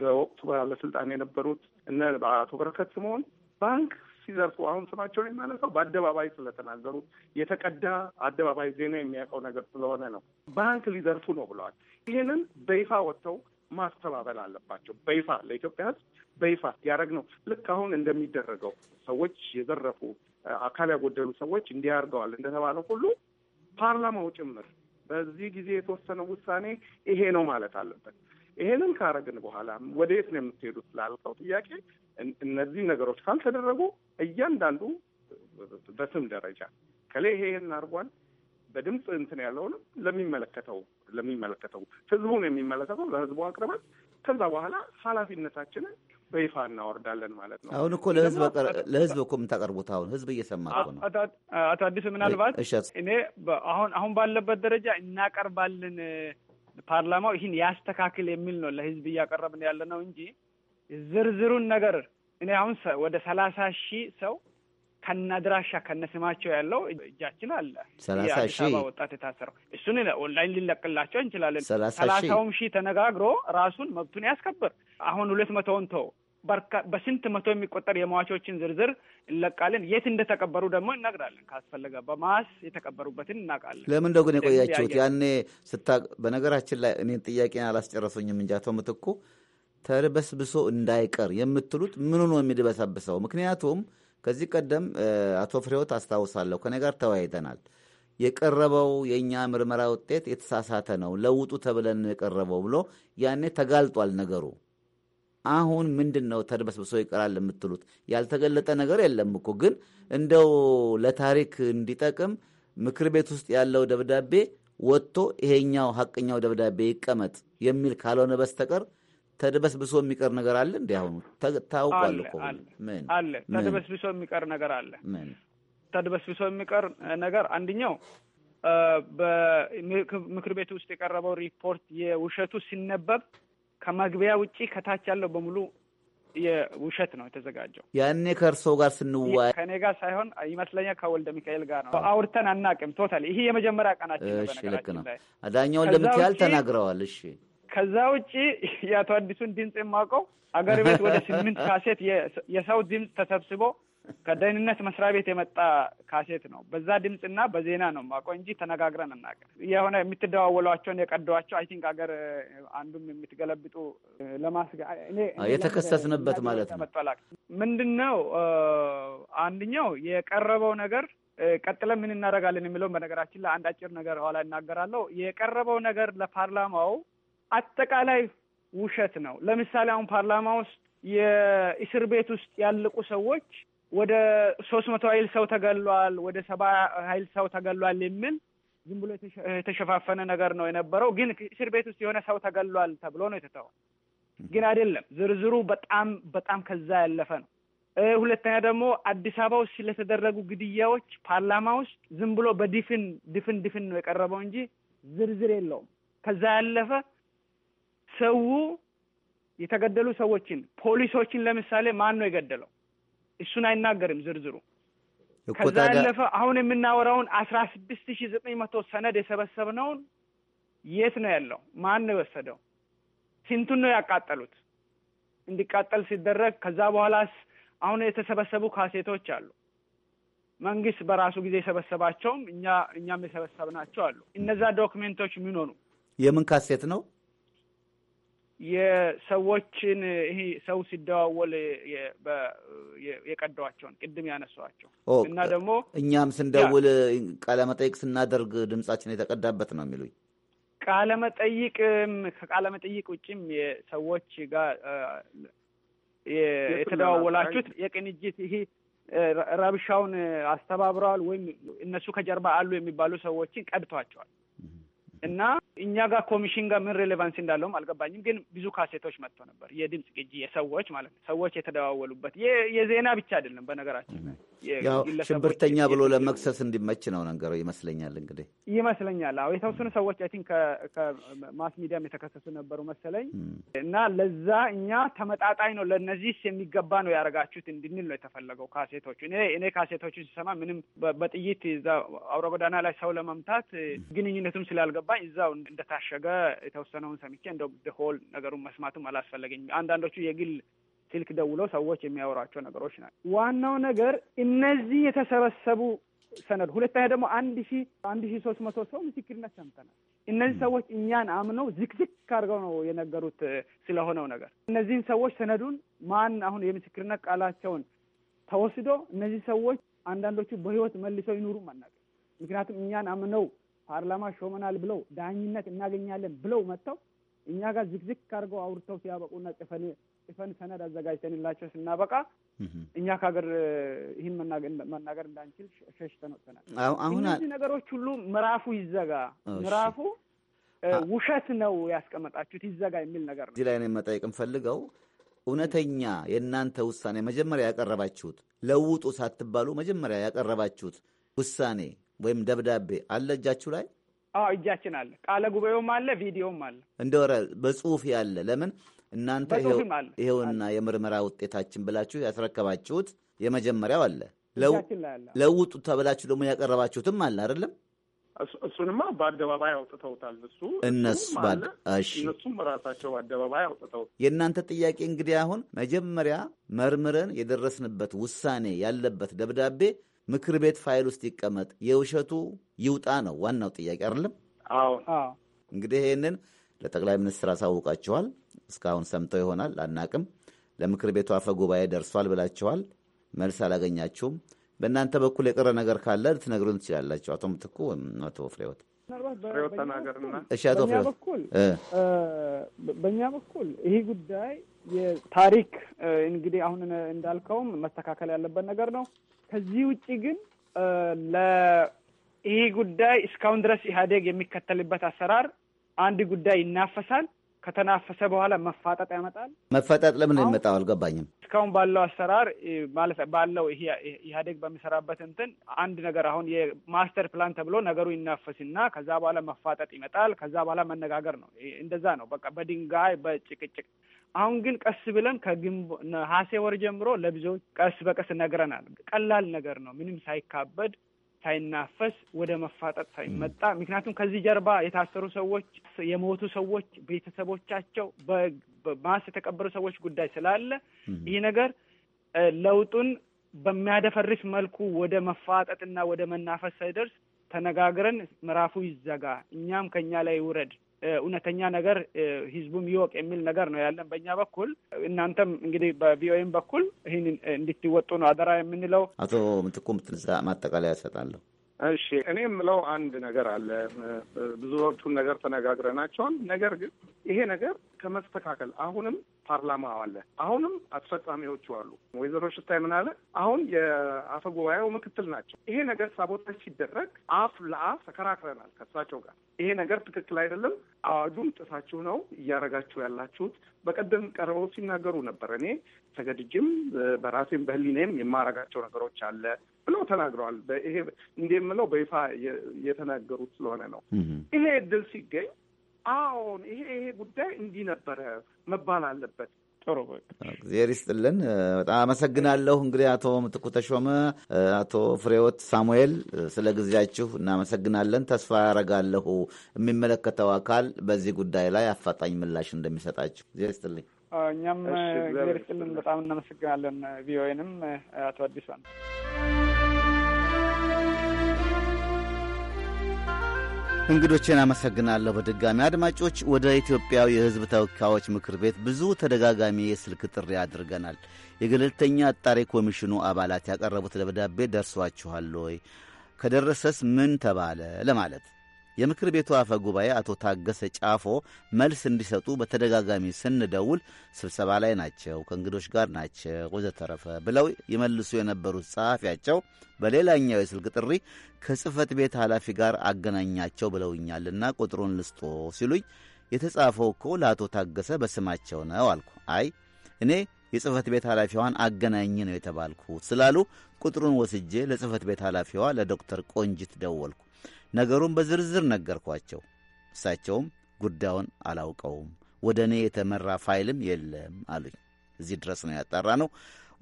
በወቅቱ ባለስልጣን የነበሩት እነ አቶ በረከት ስምኦን ባንክ ሲዘርፉ አሁን ስማቸውን የማነሳው በአደባባይ ስለተናገሩት የተቀዳ አደባባይ ዜና የሚያውቀው ነገር ስለሆነ ነው። ባንክ ሊዘርፉ ነው ብለዋል። ይህንን በይፋ ወጥተው ማስተባበል አለባቸው። በይፋ ለኢትዮጵያ ሕዝብ በይፋ ያደረግ ነው። ልክ አሁን እንደሚደረገው ሰዎች የዘረፉ አካል ያጎደሉ ሰዎች እንዲያርገዋል እንደተባለው ሁሉ ፓርላማው ጭምር በዚህ ጊዜ የተወሰነው ውሳኔ ይሄ ነው ማለት አለበት። ይሄንን ካረግን በኋላ ወደየት ነው የምትሄዱት ላልከው ጥያቄ እነዚህ ነገሮች ካልተደረጉ እያንዳንዱ በስም ደረጃ ከላይ ይሄን አድርጓል በድምፅ እንትን ያለውንም ለሚመለከተው ለሚመለከተው ህዝቡን የሚመለከተው ለህዝቡ አቅርበን ከዛ በኋላ ኃላፊነታችንን በይፋ እናወርዳለን ማለት ነው። አሁን እኮ ለህዝብ እኮ የምታቀርቡት አሁን ህዝብ እየሰማ እኮ ነው። አቶ አዲስ ምናልባት እኔ አሁን አሁን ባለበት ደረጃ እናቀርባለን ፓርላማው ይህን ያስተካክል የሚል ነው ለህዝብ እያቀረብን ያለ ነው እንጂ ዝርዝሩን ነገር እኔ አሁን ወደ ሰላሳ ሺህ ሰው ከነአድራሻ ከነስማቸው ያለው እጃችን አለ። ሰላሳ ሺህ ወጣት የታሰረው እሱን ኦንላይን ሊለቅላቸው እንችላለን። ሰላሳውም ሺህ ተነጋግሮ ራሱን መብቱን ያስከብር። አሁን ሁለት መቶውን ተው በስንት መቶ የሚቆጠር የሟቾችን ዝርዝር እንለቃለን። የት እንደተቀበሩ ደግሞ እነግራለን። ካስፈለገ በማስ የተቀበሩበትን እናውቃለን። ለምን እንደው የቆያችሁት ያኔ ስታ በነገራችን ላይ እኔን ጥያቄን አላስጨረሱኝም እንጂ አቶ ምትኩ ተርበስብሶ እንዳይቀር የምትሉት ምኑ ነው የሚድበሰብሰው? ምክንያቱም ከዚህ ቀደም አቶ ፍሬዎት አስታውሳለሁ ከኔ ጋር ተወያይተናል። የቀረበው የእኛ ምርመራ ውጤት የተሳሳተ ነው ለውጡ ተብለን የቀረበው ብሎ ያኔ ተጋልጧል ነገሩ አሁን ምንድን ነው ተድበስብሶ ይቀራል የምትሉት? ያልተገለጠ ነገር የለም እኮ ግን እንደው ለታሪክ እንዲጠቅም ምክር ቤት ውስጥ ያለው ደብዳቤ ወጥቶ ይሄኛው ሀቀኛው ደብዳቤ ይቀመጥ የሚል ካልሆነ በስተቀር ተድበስብሶ የሚቀር ነገር አለ። እንዲ አሁኑ ታውቋል እኮ አለ። የሚቀር ነገር አለ። ተድበስብሶ የሚቀር ነገር አንድኛው በምክር ቤቱ ውስጥ የቀረበው ሪፖርት የውሸቱ ሲነበብ ከመግቢያ ውጪ ከታች ያለው በሙሉ የውሸት ነው የተዘጋጀው። ያኔ ከእርሶ ጋር ስንዋይ ከእኔ ጋር ሳይሆን ይመስለኛል ከወልደ ሚካኤል ጋር ነው አውርተን አናቅም። ቶታል ይሄ የመጀመሪያ ቀናችን በነገራችን ላይ አዳኛ ወልደ ሚካኤል ተናግረዋል። እሺ ከዛ ውጭ የአቶ አዲሱን ድምፅ የማውቀው አገር ቤት ወደ ስምንት ካሴት የሰው ድምፅ ተሰብስቦ ከደህንነት መስሪያ ቤት የመጣ ካሴት ነው። በዛ ድምፅና በዜና ነው ማቆ እንጂ ተነጋግረን እናቀ የሆነ የምትደዋወሏቸውን የቀዷቸው አይ ቲንክ ሀገር አንዱም የምትገለብጡ ለማስጋ የተከሰስንበት ማለት ነው። ምንድን ነው አንድኛው የቀረበው ነገር ቀጥለን ምን እናደርጋለን የሚለውን በነገራችን ላይ አንድ አጭር ነገር ኋላ እናገራለሁ። የቀረበው ነገር ለፓርላማው አጠቃላይ ውሸት ነው። ለምሳሌ አሁን ፓርላማ ውስጥ የእስር ቤት ውስጥ ያለቁ ሰዎች ወደ ሶስት መቶ ሀይል ሰው ተገሏል፣ ወደ ሰባ ሀይል ሰው ተገሏል የሚል ዝም ብሎ የተሸፋፈነ ነገር ነው የነበረው። ግን እስር ቤት ውስጥ የሆነ ሰው ተገሏል ተብሎ ነው የተተወው። ግን አይደለም፣ ዝርዝሩ በጣም በጣም ከዛ ያለፈ ነው። ሁለተኛ ደግሞ አዲስ አበባ ውስጥ ስለተደረጉ ግድያዎች ፓርላማ ውስጥ ዝም ብሎ በድፍን ድፍን ድፍን ነው የቀረበው እንጂ ዝርዝር የለውም። ከዛ ያለፈ ሰው የተገደሉ ሰዎችን ፖሊሶችን ለምሳሌ ማን ነው የገደለው? እሱን አይናገርም ዝርዝሩ። ከዛ ያለፈ አሁን የምናወራውን አስራ ስድስት ሺ ዘጠኝ መቶ ሰነድ የሰበሰብነውን የት ነው ያለው? ማን ነው የወሰደው? ስንቱን ነው ያቃጠሉት? እንዲቃጠል ሲደረግ ከዛ በኋላስ አሁን የተሰበሰቡ ካሴቶች አሉ። መንግስት በራሱ ጊዜ የሰበሰባቸውም እኛ እኛም የሰበሰብናቸው አሉ። እነዛ ዶክሜንቶች ምን ሆኑ? የምን ካሴት ነው? የሰዎችን ይሄ ሰው ሲደዋወል የቀደዋቸውን ቅድም ያነሷቸው እና ደግሞ እኛም ስንደውል ቃለመጠይቅ ስናደርግ ድምጻችን የተቀዳበት ነው የሚሉኝ ቃለመጠይቅም ከቃለመጠይቅ ውጭም የሰዎች ጋር የተደዋወላችሁት የቅንጅት ይሄ ረብሻውን አስተባብረዋል ወይም እነሱ ከጀርባ አሉ የሚባሉ ሰዎችን ቀድቷቸዋል። እና እኛ ጋር ኮሚሽን ጋር ምን ሬሌቫንስ እንዳለውም አልገባኝም። ግን ብዙ ካሴቶች መጥቶ ነበር፣ የድምፅ ቅጂ የሰዎች ማለት ነው፣ ሰዎች የተደዋወሉበት የዜና ብቻ አይደለም። በነገራችን ያው ሽብርተኛ ብሎ ለመክሰስ እንዲመች ነው ነገረው ይመስለኛል። እንግዲህ ይመስለኛል። አዎ የተወሰኑ ሰዎች አይ ቲንክ ከማስ ሚዲያም የተከሰሱ ነበሩ መሰለኝ። እና ለዛ እኛ ተመጣጣኝ ነው ለእነዚህስ የሚገባ ነው ያደረጋችሁት እንድንል ነው የተፈለገው። ካሴቶቹ እኔ እኔ ካሴቶቹ ሲሰማ ምንም በጥይት እዛ ጎዳና ላይ ሰው ለመምታት ግንኙነቱም ስላልገባ ስለገባኝ እዛው እንደታሸገ የተወሰነውን ሰምቼ እንደ ሆል ነገሩን መስማትም አላስፈለገኝ አንዳንዶቹ የግል ስልክ ደውለው ሰዎች የሚያወሯቸው ነገሮች ናቸው። ዋናው ነገር እነዚህ የተሰበሰቡ ሰነድ ሁለተኛ ደግሞ አንድ ሺ አንድ ሺ ሶስት መቶ ሰው ምስክርነት ሰምተናል። እነዚህ ሰዎች እኛን አምነው ዝቅዝቅ አድርገው ነው የነገሩት ስለሆነው ነገር። እነዚህን ሰዎች ሰነዱን ማን አሁን የምስክርነት ቃላቸውን ተወስዶ እነዚህ ሰዎች አንዳንዶቹ በህይወት መልሰው ይኑሩ አናውቅም። ምክንያቱም እኛን አምነው ፓርላማ ሾመናል ብለው ዳኝነት እናገኛለን ብለው መጥተው እኛ ጋር ዝግዝግ ካድርገው አውርተው ሲያበቁና ጽፈን ጽፈን ሰነድ አዘጋጅተንላቸው ስናበቃ እኛ ከሀገር ይህን መናገር እንዳንችል ሸሽተን ወጥተናል። እነዚህ ነገሮች ሁሉ ምዕራፉ ይዘጋ ምዕራፉ ውሸት ነው ያስቀመጣችሁት ይዘጋ የሚል ነገር ነው። እዚህ ላይ መጠየቅ የምፈልገው እውነተኛ የእናንተ ውሳኔ መጀመሪያ ያቀረባችሁት ለውጡ ሳትባሉ መጀመሪያ ያቀረባችሁት ውሳኔ ወይም ደብዳቤ አለ እጃችሁ ላይ? አዎ እጃችን አለ። ቃለ ጉባኤውም አለ፣ ቪዲዮም አለ፣ እንደወረ በጽሁፍ ያለ። ለምን እናንተ ይሄውና የምርመራ ውጤታችን ብላችሁ ያስረከባችሁት የመጀመሪያው አለ፣ ለውጡ ተብላችሁ ደግሞ ያቀረባችሁትም አለ አይደለም? እሱንማ በአደባባይ አውጥተውታል። እሱ እነሱ እነሱም ራሳቸው አደባባይ አውጥተውታል። የእናንተ ጥያቄ እንግዲህ አሁን መጀመሪያ መርምረን የደረስንበት ውሳኔ ያለበት ደብዳቤ ምክር ቤት ፋይል ውስጥ ይቀመጥ፣ የውሸቱ ይውጣ ነው ዋናው ጥያቄ አይደለም? አዎ። እንግዲህ ይህንን ለጠቅላይ ሚኒስትር አሳውቃችኋል። እስካሁን ሰምተው ይሆናል አናቅም። ለምክር ቤቱ አፈ ጉባኤ ደርሷል ብላችኋል። መልስ አላገኛችሁም። በእናንተ በኩል የቀረ ነገር ካለ ልትነግሩን ትችላላችሁ። አቶ ምትኩ ወይም አቶ ፍሬወት። እሺ በእኛ በኩል ይህ ጉዳይ የታሪክ እንግዲህ አሁን እንዳልከውም መስተካከል ያለበት ነገር ነው። ከዚህ ውጭ ግን ይህ ጉዳይ እስካሁን ድረስ ኢህአዴግ የሚከተልበት አሰራር አንድ ጉዳይ ይናፈሳል፣ ከተናፈሰ በኋላ መፋጠጥ ያመጣል። መፋጠጥ ለምን ይመጣው አልገባኝም። እስካሁን ባለው አሰራር ማለት ባለው ይሄ ኢህአዴግ በሚሰራበት እንትን አንድ ነገር አሁን የማስተር ፕላን ተብሎ ነገሩ ይናፈስና ከዛ በኋላ መፋጠጥ ይመጣል። ከዛ በኋላ መነጋገር ነው። እንደዛ ነው በቃ በድንጋይ በጭቅጭቅ አሁን ግን ቀስ ብለን ከግንቦ ሀሴ ወር ጀምሮ ለብዙዎች ቀስ በቀስ ነግረናል። ቀላል ነገር ነው፣ ምንም ሳይካበድ ሳይናፈስ ወደ መፋጠጥ ሳይመጣ ምክንያቱም ከዚህ ጀርባ የታሰሩ ሰዎች፣ የሞቱ ሰዎች ቤተሰቦቻቸው፣ በማስ የተቀበሩ ሰዎች ጉዳይ ስላለ ይህ ነገር ለውጡን በሚያደፈርስ መልኩ ወደ መፋጠጥና ወደ መናፈስ ሳይደርስ ተነጋግረን ምዕራፉ ይዘጋ፣ እኛም ከኛ ላይ ውረድ እውነተኛ ነገር ህዝቡም ይወቅ የሚል ነገር ነው ያለን በእኛ በኩል። እናንተም እንግዲህ በቪኦኤም በኩል ይህን እንድትወጡ ነው አደራ የምንለው። አቶ ምትኩ ማጠቃለያ ይሰጣለሁ። እሺ እኔ የምለው አንድ ነገር አለ። ብዙዎቹን ነገር ተነጋግረናቸውን፣ ነገር ግን ይሄ ነገር ከመስተካከል አሁንም ፓርላማው አለ፣ አሁንም አስፈጻሚዎቹ አሉ። ወይዘሮ ሽታይ ምን አለ አሁን የአፈ ጉባኤው ምክትል ናቸው። ይሄ ነገር ሳቦታጅ ሲደረግ አፍ ለአፍ ተከራክረናል ከሳቸው ጋር ይሄ ነገር ትክክል አይደለም፣ አዋጁም ጥሳችሁ ነው እያደረጋችሁ ያላችሁት። በቀደም ቀርበው ሲናገሩ ነበር። እኔ ተገድጅም በራሴም በህሊኔም የማረጋቸው ነገሮች አለ ብለው ተናግረዋል። ይሄ እንዲህ የምለው በይፋ የተናገሩት ስለሆነ ነው። ይሄ እድል ሲገኝ አዎን ይሄ ይሄ ጉዳይ እንዲህ ነበረ መባል አለበት። ጥሩ ይስጥልን። በጣም አመሰግናለሁ። እንግዲህ አቶ ምትኩ ተሾመ፣ አቶ ፍሬወት ሳሙኤል ስለ ጊዜያችሁ እናመሰግናለን። ተስፋ ያረጋለሁ የሚመለከተው አካል በዚህ ጉዳይ ላይ አፋጣኝ ምላሽ እንደሚሰጣችሁ። እግዚአብሔር ይስጥልኝ። እኛም እግዚአብሔር ይስጥልን። በጣም እናመሰግናለን። ቪኦኤንም አቶ አዲሷን እንግዶችን አመሰግናለሁ። በድጋሚ አድማጮች፣ ወደ ኢትዮጵያው የሕዝብ ተወካዮች ምክር ቤት ብዙ ተደጋጋሚ የስልክ ጥሪ አድርገናል። የገለልተኛ አጣሪ ኮሚሽኑ አባላት ያቀረቡት ደብዳቤ ደርሷችኋል ወይ? ከደረሰስ ምን ተባለ? ለማለት የምክር ቤቱ አፈ ጉባኤ አቶ ታገሰ ጫፎ መልስ እንዲሰጡ በተደጋጋሚ ስንደውል ስብሰባ ላይ ናቸው፣ ከእንግዶች ጋር ናቸው ወዘተረፈ ብለው ይመልሱ የነበሩት ጸሐፊያቸው በሌላኛው የስልክ ጥሪ ከጽህፈት ቤት ኃላፊ ጋር አገናኛቸው ብለውኛልና ቁጥሩን ልስጦ ሲሉኝ የተጻፈው እኮ ለአቶ ታገሰ በስማቸው ነው አልኩ። አይ እኔ የጽህፈት ቤት ኃላፊዋን አገናኝ ነው የተባልኩ ስላሉ ቁጥሩን ወስጄ ለጽህፈት ቤት ኃላፊዋ ለዶክተር ቆንጅት ደወልኩ። ነገሩን በዝርዝር ነገርኳቸው። እሳቸውም ጉዳዩን አላውቀውም፣ ወደ እኔ የተመራ ፋይልም የለም አሉኝ። እዚህ ድረስ ነው ያጣራ ነው።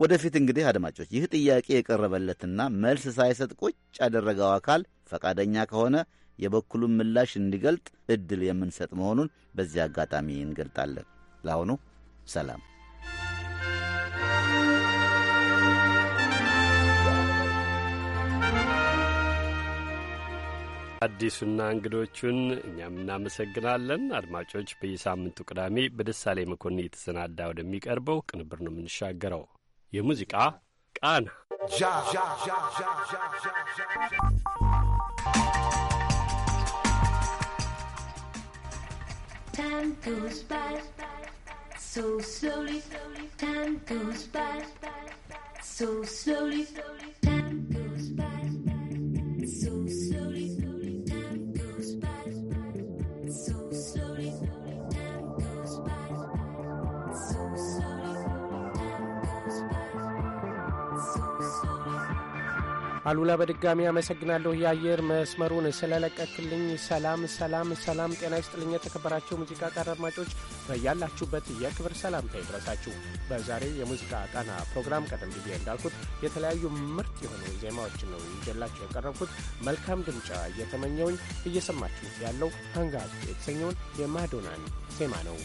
ወደፊት እንግዲህ አድማጮች፣ ይህ ጥያቄ የቀረበለትና መልስ ሳይሰጥ ቁጭ ያደረገው አካል ፈቃደኛ ከሆነ የበኩሉን ምላሽ እንዲገልጥ እድል የምንሰጥ መሆኑን በዚህ አጋጣሚ እንገልጣለን። ለአሁኑ ሰላም። አዲሱና እንግዶቹን እኛም እናመሰግናለን። አድማጮች በየሳምንቱ ቅዳሜ በደሳሌ መኮንን የተሰናዳ ወደሚቀርበው ቅንብር ነው የምንሻገረው። የሙዚቃ ቃና Time so slowly. Time goes by so slowly. አሉላ በድጋሚ አመሰግናለሁ የአየር መስመሩን ስለለቀክልኝ። ሰላም ሰላም ሰላም፣ ጤና ይስጥልኝ። የተከበራቸው ሙዚቃ ቃና አድማጮች በያላችሁበት የክብር ሰላምታ ይድረሳችሁ። በዛሬ የሙዚቃ ቃና ፕሮግራም ቀደም ጊዜ እንዳልኩት የተለያዩ ምርጥ የሆኑ ዜማዎችን ነው ይዤላችሁ የቀረብኩት። መልካም ድምጫ እየተመኘውኝ እየሰማችሁ ያለው አንጋ የተሰኘውን የማዶናን ዜማ ነው።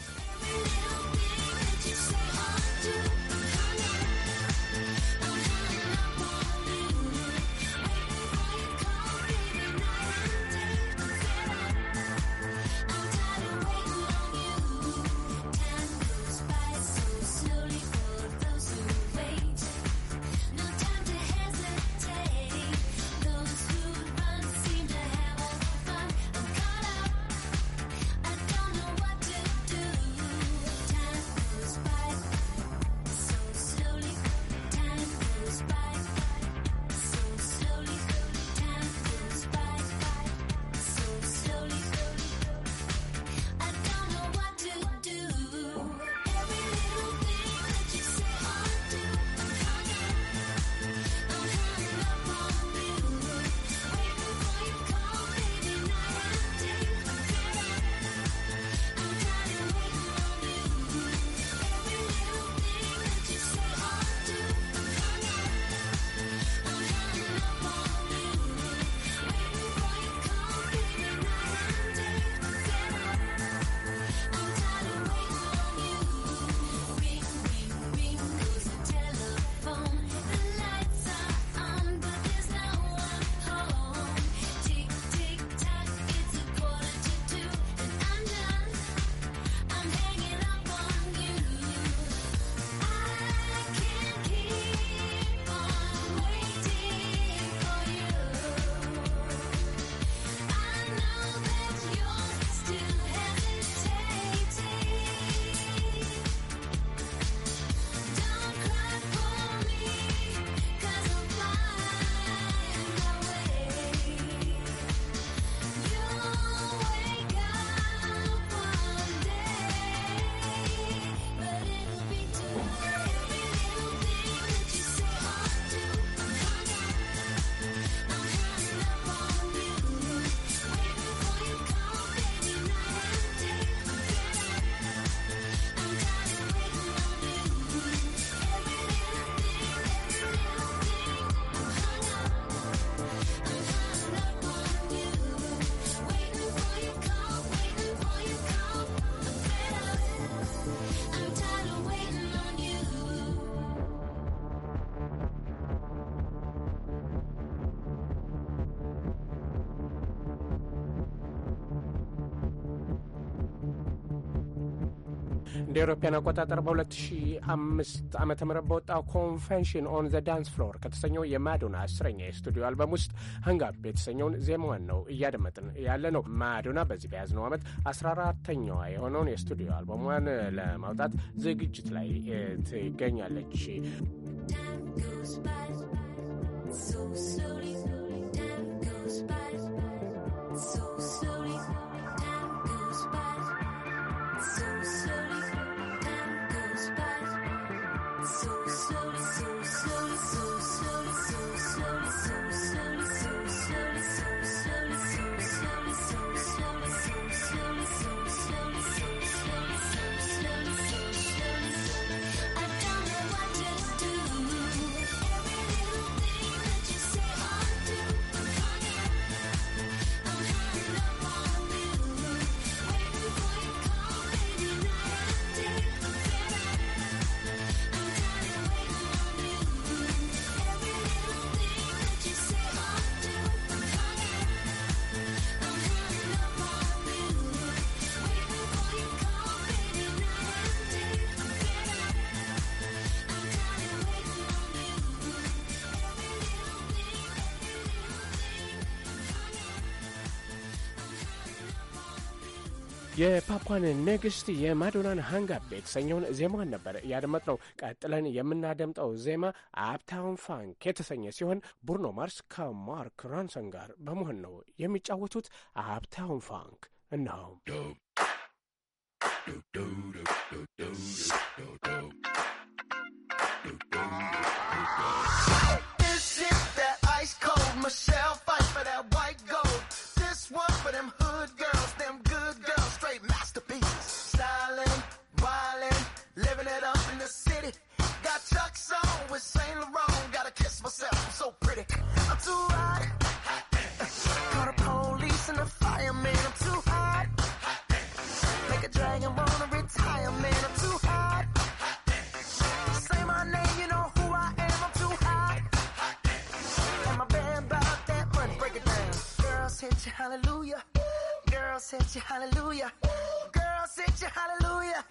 እንደ ኤሮፓያን አቆጣጠር በ2005 ዓ ም በወጣው ኮንቨንሽን ኦን ዘ ዳንስ ፍሎር ከተሰኘው የማዶና አስረኛ የስቱዲዮ አልበም ውስጥ ሀንጋፕ የተሰኘውን ዜማዋን ነው እያደመጥን ያለ ነው። ማዶና በዚህ በያዝነው ዓመት 14ተኛዋ የሆነውን የስቱዲዮ አልበሟን ለማውጣት ዝግጅት ላይ ትገኛለች። So slowly እንኳን ንግሥት የማዶናን ሃንጋፕ የተሰኘውን ዜማዋን ነበር ያደመጥነው። ቀጥለን የምናደምጠው ዜማ አፕታውን ፋንክ የተሰኘ ሲሆን ቡርኖ ማርስ ከማርክ ራንሰን ጋር በመሆን ነው የሚጫወቱት። አፕታውን ፋንክ እነሆ። This is that ice cold Michelle with Saint Laurent. Gotta kiss myself, I'm so pretty. I'm too hot. Call the police and the fireman. I'm too hot. Make a dragon wanna retire, man. I'm too hot. Say my name, you know who I am. I'm too hot. And my band about that money. Break it down. Girls hit you, hallelujah. Girls hit you, hallelujah. Girls hit you, hallelujah.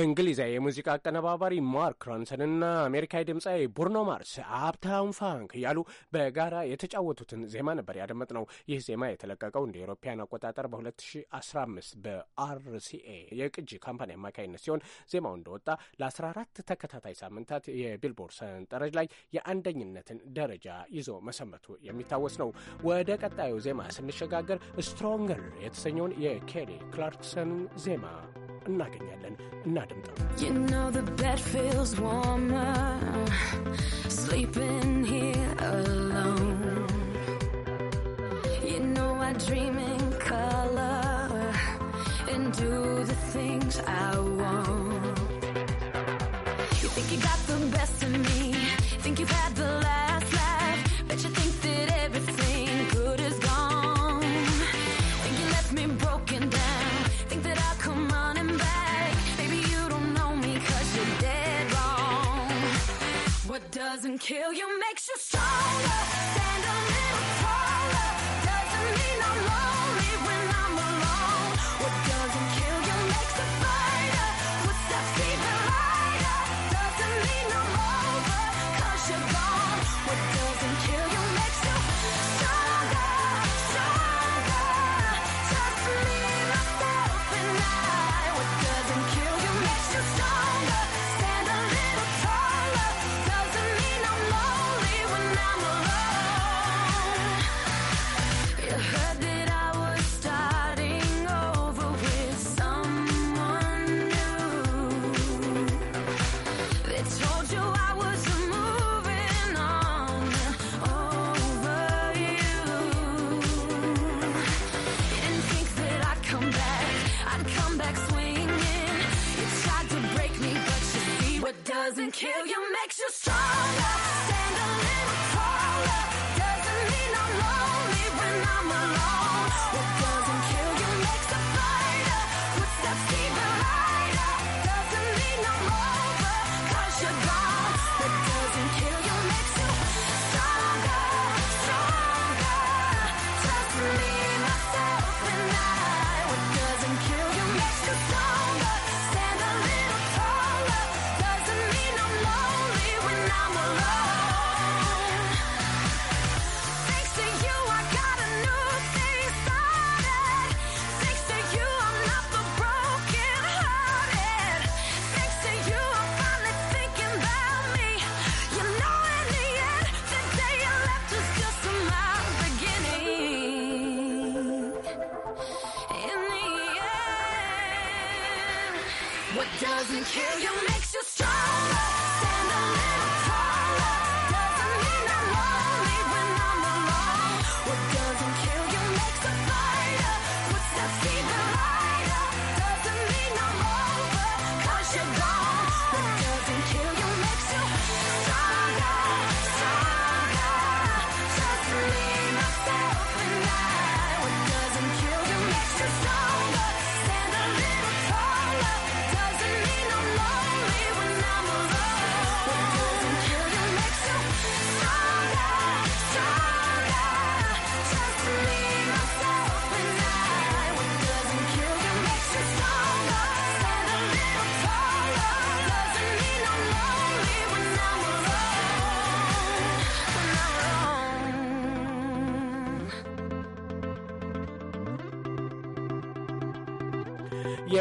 እንግሊዛዊ የሙዚቃ አቀነባባሪ ማርክ ሮንሰንና አሜሪካዊ ድምፃዊ ቡርኖ ማርስ አፕታውን ፋንክ እያሉ በጋራ የተጫወቱትን ዜማ ነበር ያደመጥነው። ይህ ዜማ የተለቀቀው እንደ ኤሮፓያን አቆጣጠር በ2015 በአርሲኤ የቅጂ ካምፓኒ አማካኝነት ሲሆን ዜማው እንደወጣ ለ14 ተከታታይ ሳምንታት የቢልቦርድ ሰንጠረዥ ላይ የአንደኝነትን ደረጃ ይዞ መሰመቱ የሚታወስ ነው። ወደ ቀጣዩ ዜማ ስንሸጋገር ስትሮንገር የተሰኘውን የኬሪ ክላርክሰን ዜማ እናገኛለን። You know the bed feels warmer Sleeping here alone You know I dream in color And do the things I want doesn't kill you makes you stronger.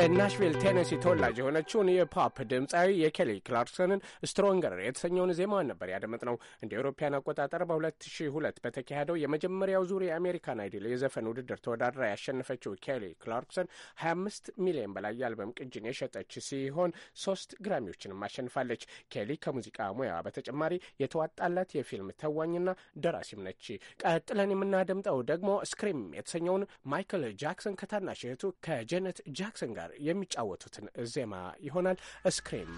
የናሽቪል ቴነሲ ተወላጅ የሆነችውን የፖፕ ድምፃዊ የኬሊ ክላርክሰንን ስትሮንገር የተሰኘውን ዜማዋን ነበር ያደመጥ ነው። እንደ ኤሮፓያን አቆጣጠር በ2002 በተካሄደው የመጀመሪያው ዙር የአሜሪካን አይዲል የዘፈን ውድድር ተወዳድራ ያሸነፈችው ኬሊ ክላርክሰን 25 ሚሊዮን በላይ የአልበም ቅጅን የሸጠች ሲሆን ሶስት ግራሚዎችንም አሸንፋለች። ኬሊ ከሙዚቃ ሙያ በተጨማሪ የተዋጣላት የፊልም ተዋኝና ደራሲም ነች። ቀጥለን የምናደምጠው ደግሞ ስክሪም የተሰኘውን ማይክል ጃክሰን ከታናሽ እህቱ ከጀነት ጃክሰን ጋር የሚጫወቱትን ዜማ ይሆናል። ስክሪም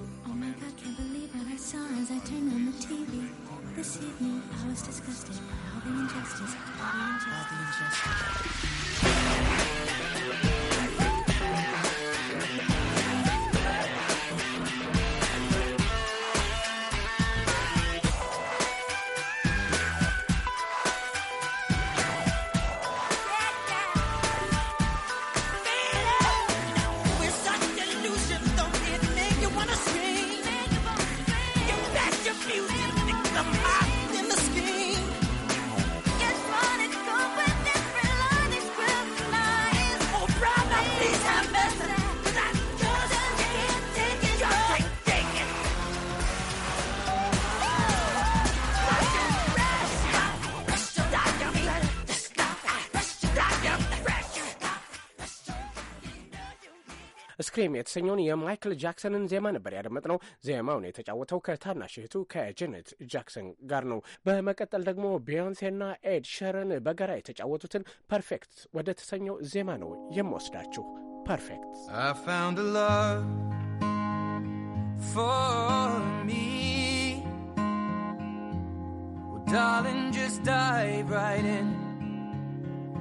Oh my god, can't believe what I saw as I turned on the TV. This evening I was disgusted by all the injustice, all the injustice. All the injustice. የተሰኘውን የማይክል ጃክሰንን ዜማ ነበር ያደመጥነው። ዜማውን የተጫወተው ከታናሽ እህቱ ከጀነት ጃክሰን ጋር ነው። በመቀጠል ደግሞ ቢዮንሴና ኤድ ሸረን በጋራ የተጫወቱትን ፐርፌክት ወደ ተሰኘው ዜማ ነው የምወስዳችሁ። ፐርፌክት Darling, just dive right in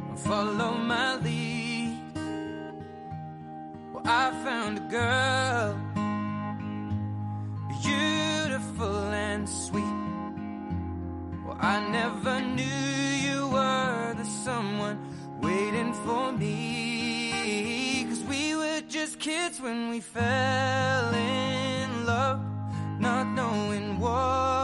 and follow my lead. I found a girl beautiful and sweet. Well, I never knew you were the someone waiting for me. Cause we were just kids when we fell in love, not knowing what.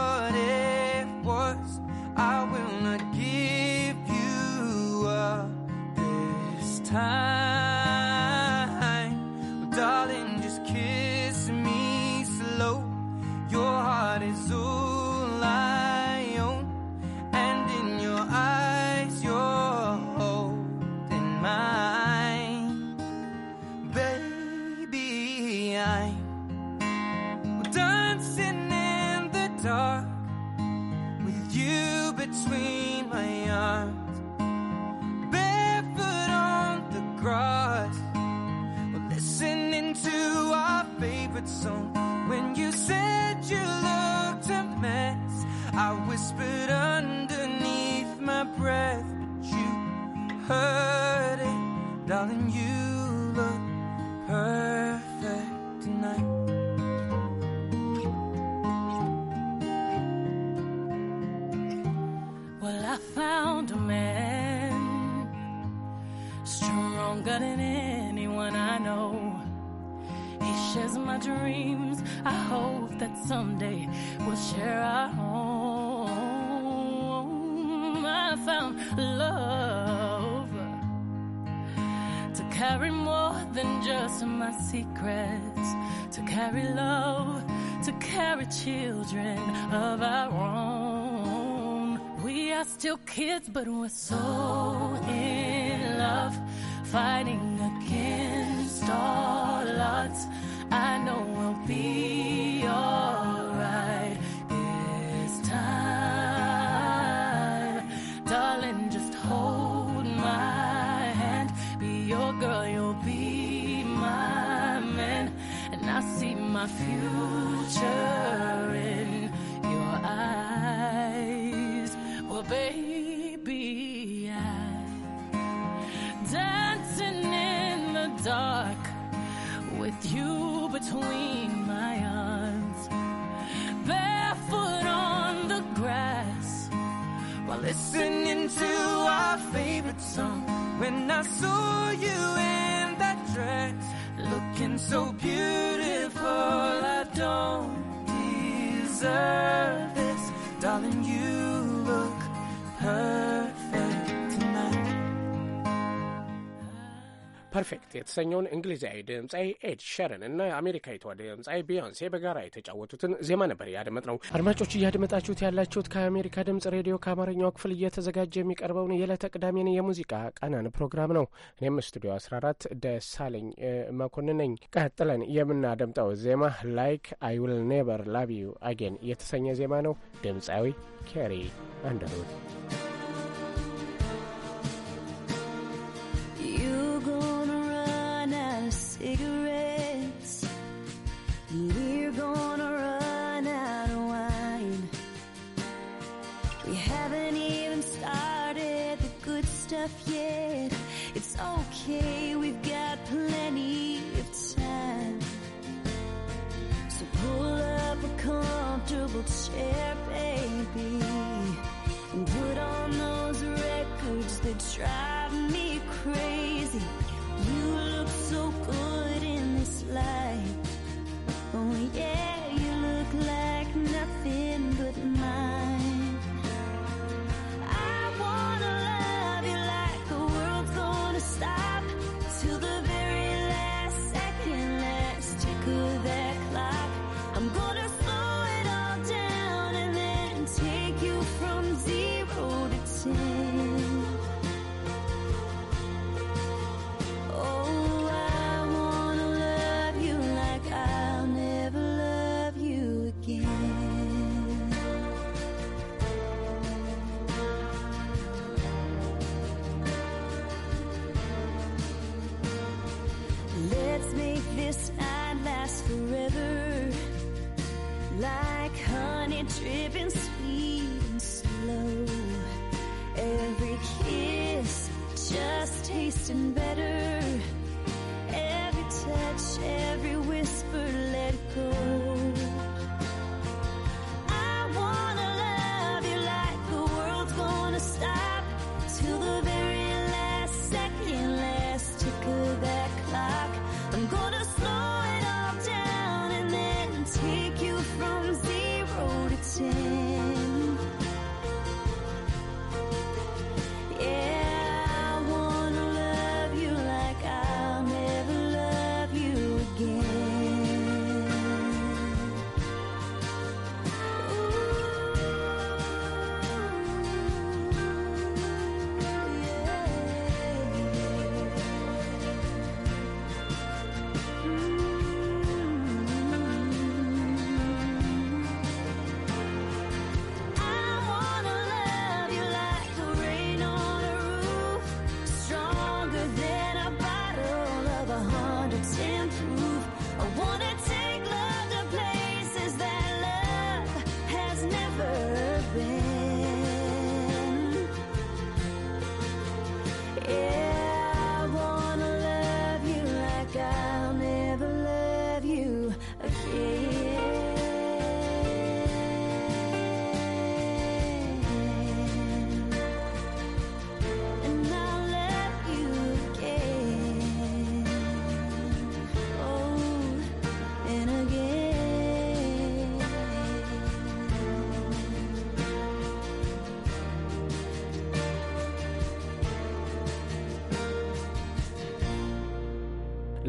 still kids, but we're so in love, fighting against all odds. I know we'll be alright this time, darling. Just hold my hand, be your girl, you'll be my man, and I see my future. ፐርፌክት የተሰኘውን እንግሊዛዊ ድምፃዊ ኤድ ሸረን እና አሜሪካዊቷ ድምፃዊ ቢዮንሴ በጋራ የተጫወቱትን ዜማ ነበር ነው። አድማጮች እያደመጣችሁት ያላችሁት ከአሜሪካ ድምፅ ሬዲዮ ከአማርኛው ክፍል እየተዘጋጀ የሚቀርበውን የዕለተ ቅዳሜን የሙዚቃ ቀናን ፕሮግራም ነው። እኔም ስቱዲዮ 14 ደሳለኝ መኮንን ነኝ። ቀጥለን የምናደምጠው ዜማ ላይክ አይ ዊል ኔቨር ላቭ ዩ አጌን የተሰኘ ዜማ ነው። ድምፃዊ ኬሪ አንደርውድ of cigarettes, and we're gonna run out of wine. We haven't even started the good stuff yet. It's okay, we've got plenty of time. So pull up a comfortable chair, baby, and put on those records that drive me crazy.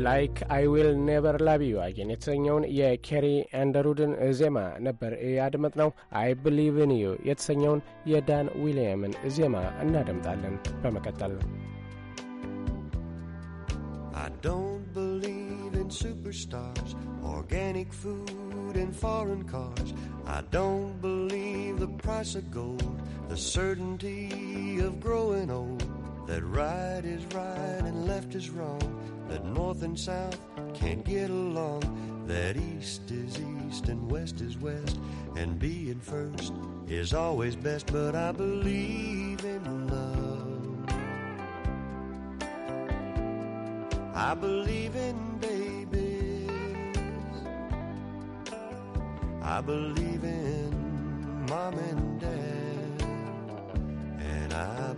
ላይክ አይ ዊል ኔቨር ላቭ ዩ አጌን የተሰኘውን የኬሪ አንደርውድን ዜማ ነበር ያድመጥነው። አይ ብሊቭ ኢን ዩ የተሰኘውን የዳን ዊልያምን ዜማ እናደምጣለን በመቀጠል። I don't believe in superstars, organic food and foreign cars. I don't believe the price of gold, the certainty of growing old, that right is right and left is wrong that north and south can't get along, that east is east and west is west, and being first is always best, but I believe in love. I believe in babies. I believe in mom and dad. And I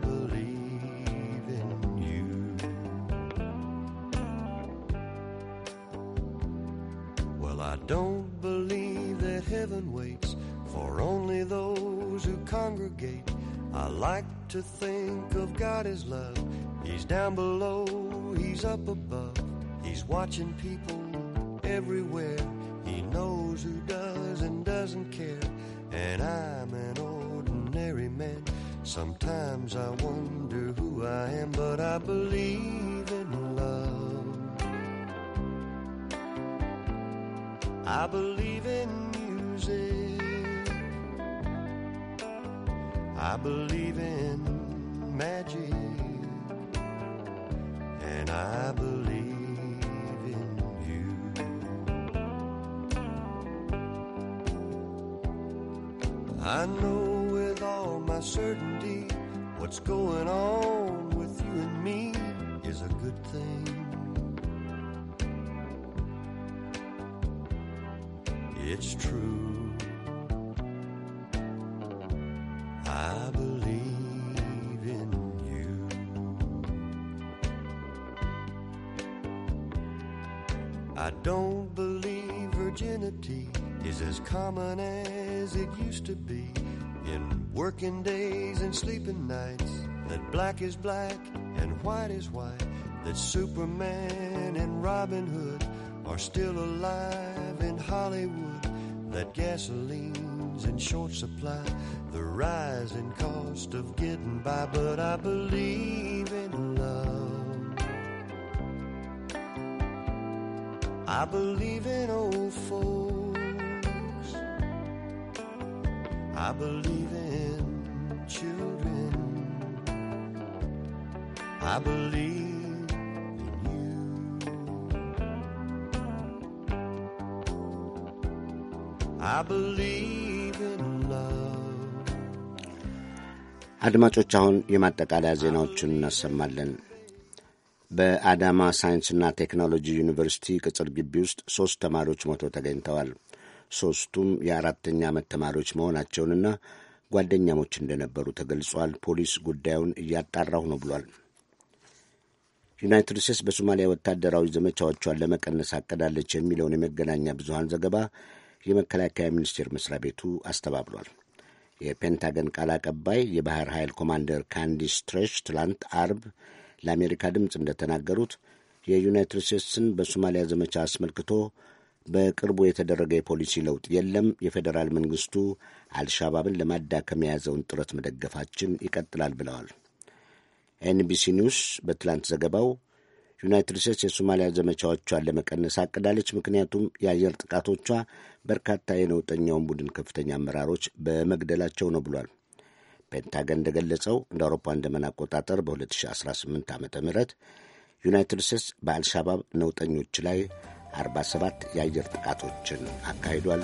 Don't believe that heaven waits for only those who congregate. I like to think of God as love. He's down below, He's up above. He's watching people everywhere. He knows who does and doesn't care. And I'm an ordinary man. Sometimes I wonder who I am, but I believe. I believe in music. I believe in magic. And I believe in you. I know with all my certainty what's going is as common as it used to be. In working days and sleeping nights, that black is black and white is white, that Superman and Robin Hood are still alive in Hollywood, that gasoline's in short supply, the rising cost of getting by, but I believe in love. I believe in old folks. believe in children. I believe in you. I believe in love. አድማጮች፣ አሁን የማጠቃለያ ዜናዎቹን እናሰማለን። በአዳማ ሳይንስና ቴክኖሎጂ ዩኒቨርሲቲ ቅጽር ግቢ ውስጥ ሦስት ተማሪዎች ሞተው ተገኝተዋል። ሦስቱም የአራተኛ ዓመት ተማሪዎች መሆናቸውንና ጓደኛሞች እንደነበሩ ተገልጿል። ፖሊስ ጉዳዩን እያጣራሁ ነው ብሏል። ዩናይትድ ስቴትስ በሶማሊያ ወታደራዊ ዘመቻዎቿን ለመቀነስ አቀዳለች የሚለውን የመገናኛ ብዙሃን ዘገባ የመከላከያ ሚኒስቴር መስሪያ ቤቱ አስተባብሏል። የፔንታገን ቃል አቀባይ የባህር ኃይል ኮማንደር ካንዲስ ትሬሽ ትላንት አርብ ለአሜሪካ ድምፅ እንደተናገሩት የዩናይትድ ስቴትስን በሶማሊያ ዘመቻ አስመልክቶ በቅርቡ የተደረገ የፖሊሲ ለውጥ የለም፣ የፌዴራል መንግስቱ አልሻባብን ለማዳከም የያዘውን ጥረት መደገፋችን ይቀጥላል ብለዋል። ኤንቢሲ ኒውስ በትላንት ዘገባው ዩናይትድ ስቴትስ የሶማሊያ ዘመቻዎቿን ለመቀነስ አቅዳለች፣ ምክንያቱም የአየር ጥቃቶቿ በርካታ የነውጠኛውን ቡድን ከፍተኛ አመራሮች በመግደላቸው ነው ብሏል። ፔንታገን እንደገለጸው እንደ አውሮፓውያን ዘመን አቆጣጠር በ2018 ዓ ም ዩናይትድ ስቴትስ በአልሻባብ ነውጠኞች ላይ 47 የአየር ጥቃቶችን አካሂዷል።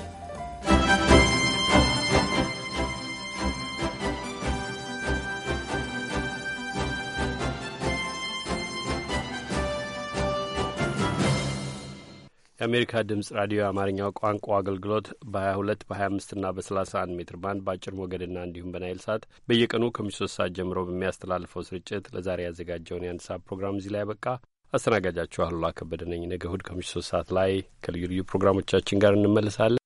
የአሜሪካ ድምጽ ራዲዮ የአማርኛው ቋንቋ አገልግሎት በ22 በ25 ና በ31 ሜትር ባንድ በአጭር ሞገድና እንዲሁም በናይል ሳት በየቀኑ ከምሽቱ ሶስት ሰዓት ጀምሮ በሚያስተላልፈው ስርጭት ለዛሬ ያዘጋጀውን የአንድ ሰዓት ፕሮግራም እዚህ ላይ ያበቃ። አስተናጋጃችሁ አሉላ ከበደ ነኝ። ነገ እሁድ ከምሽቱ ሶስት ሰዓት ላይ ከልዩ ልዩ ፕሮግራሞቻችን ጋር እንመልሳለን።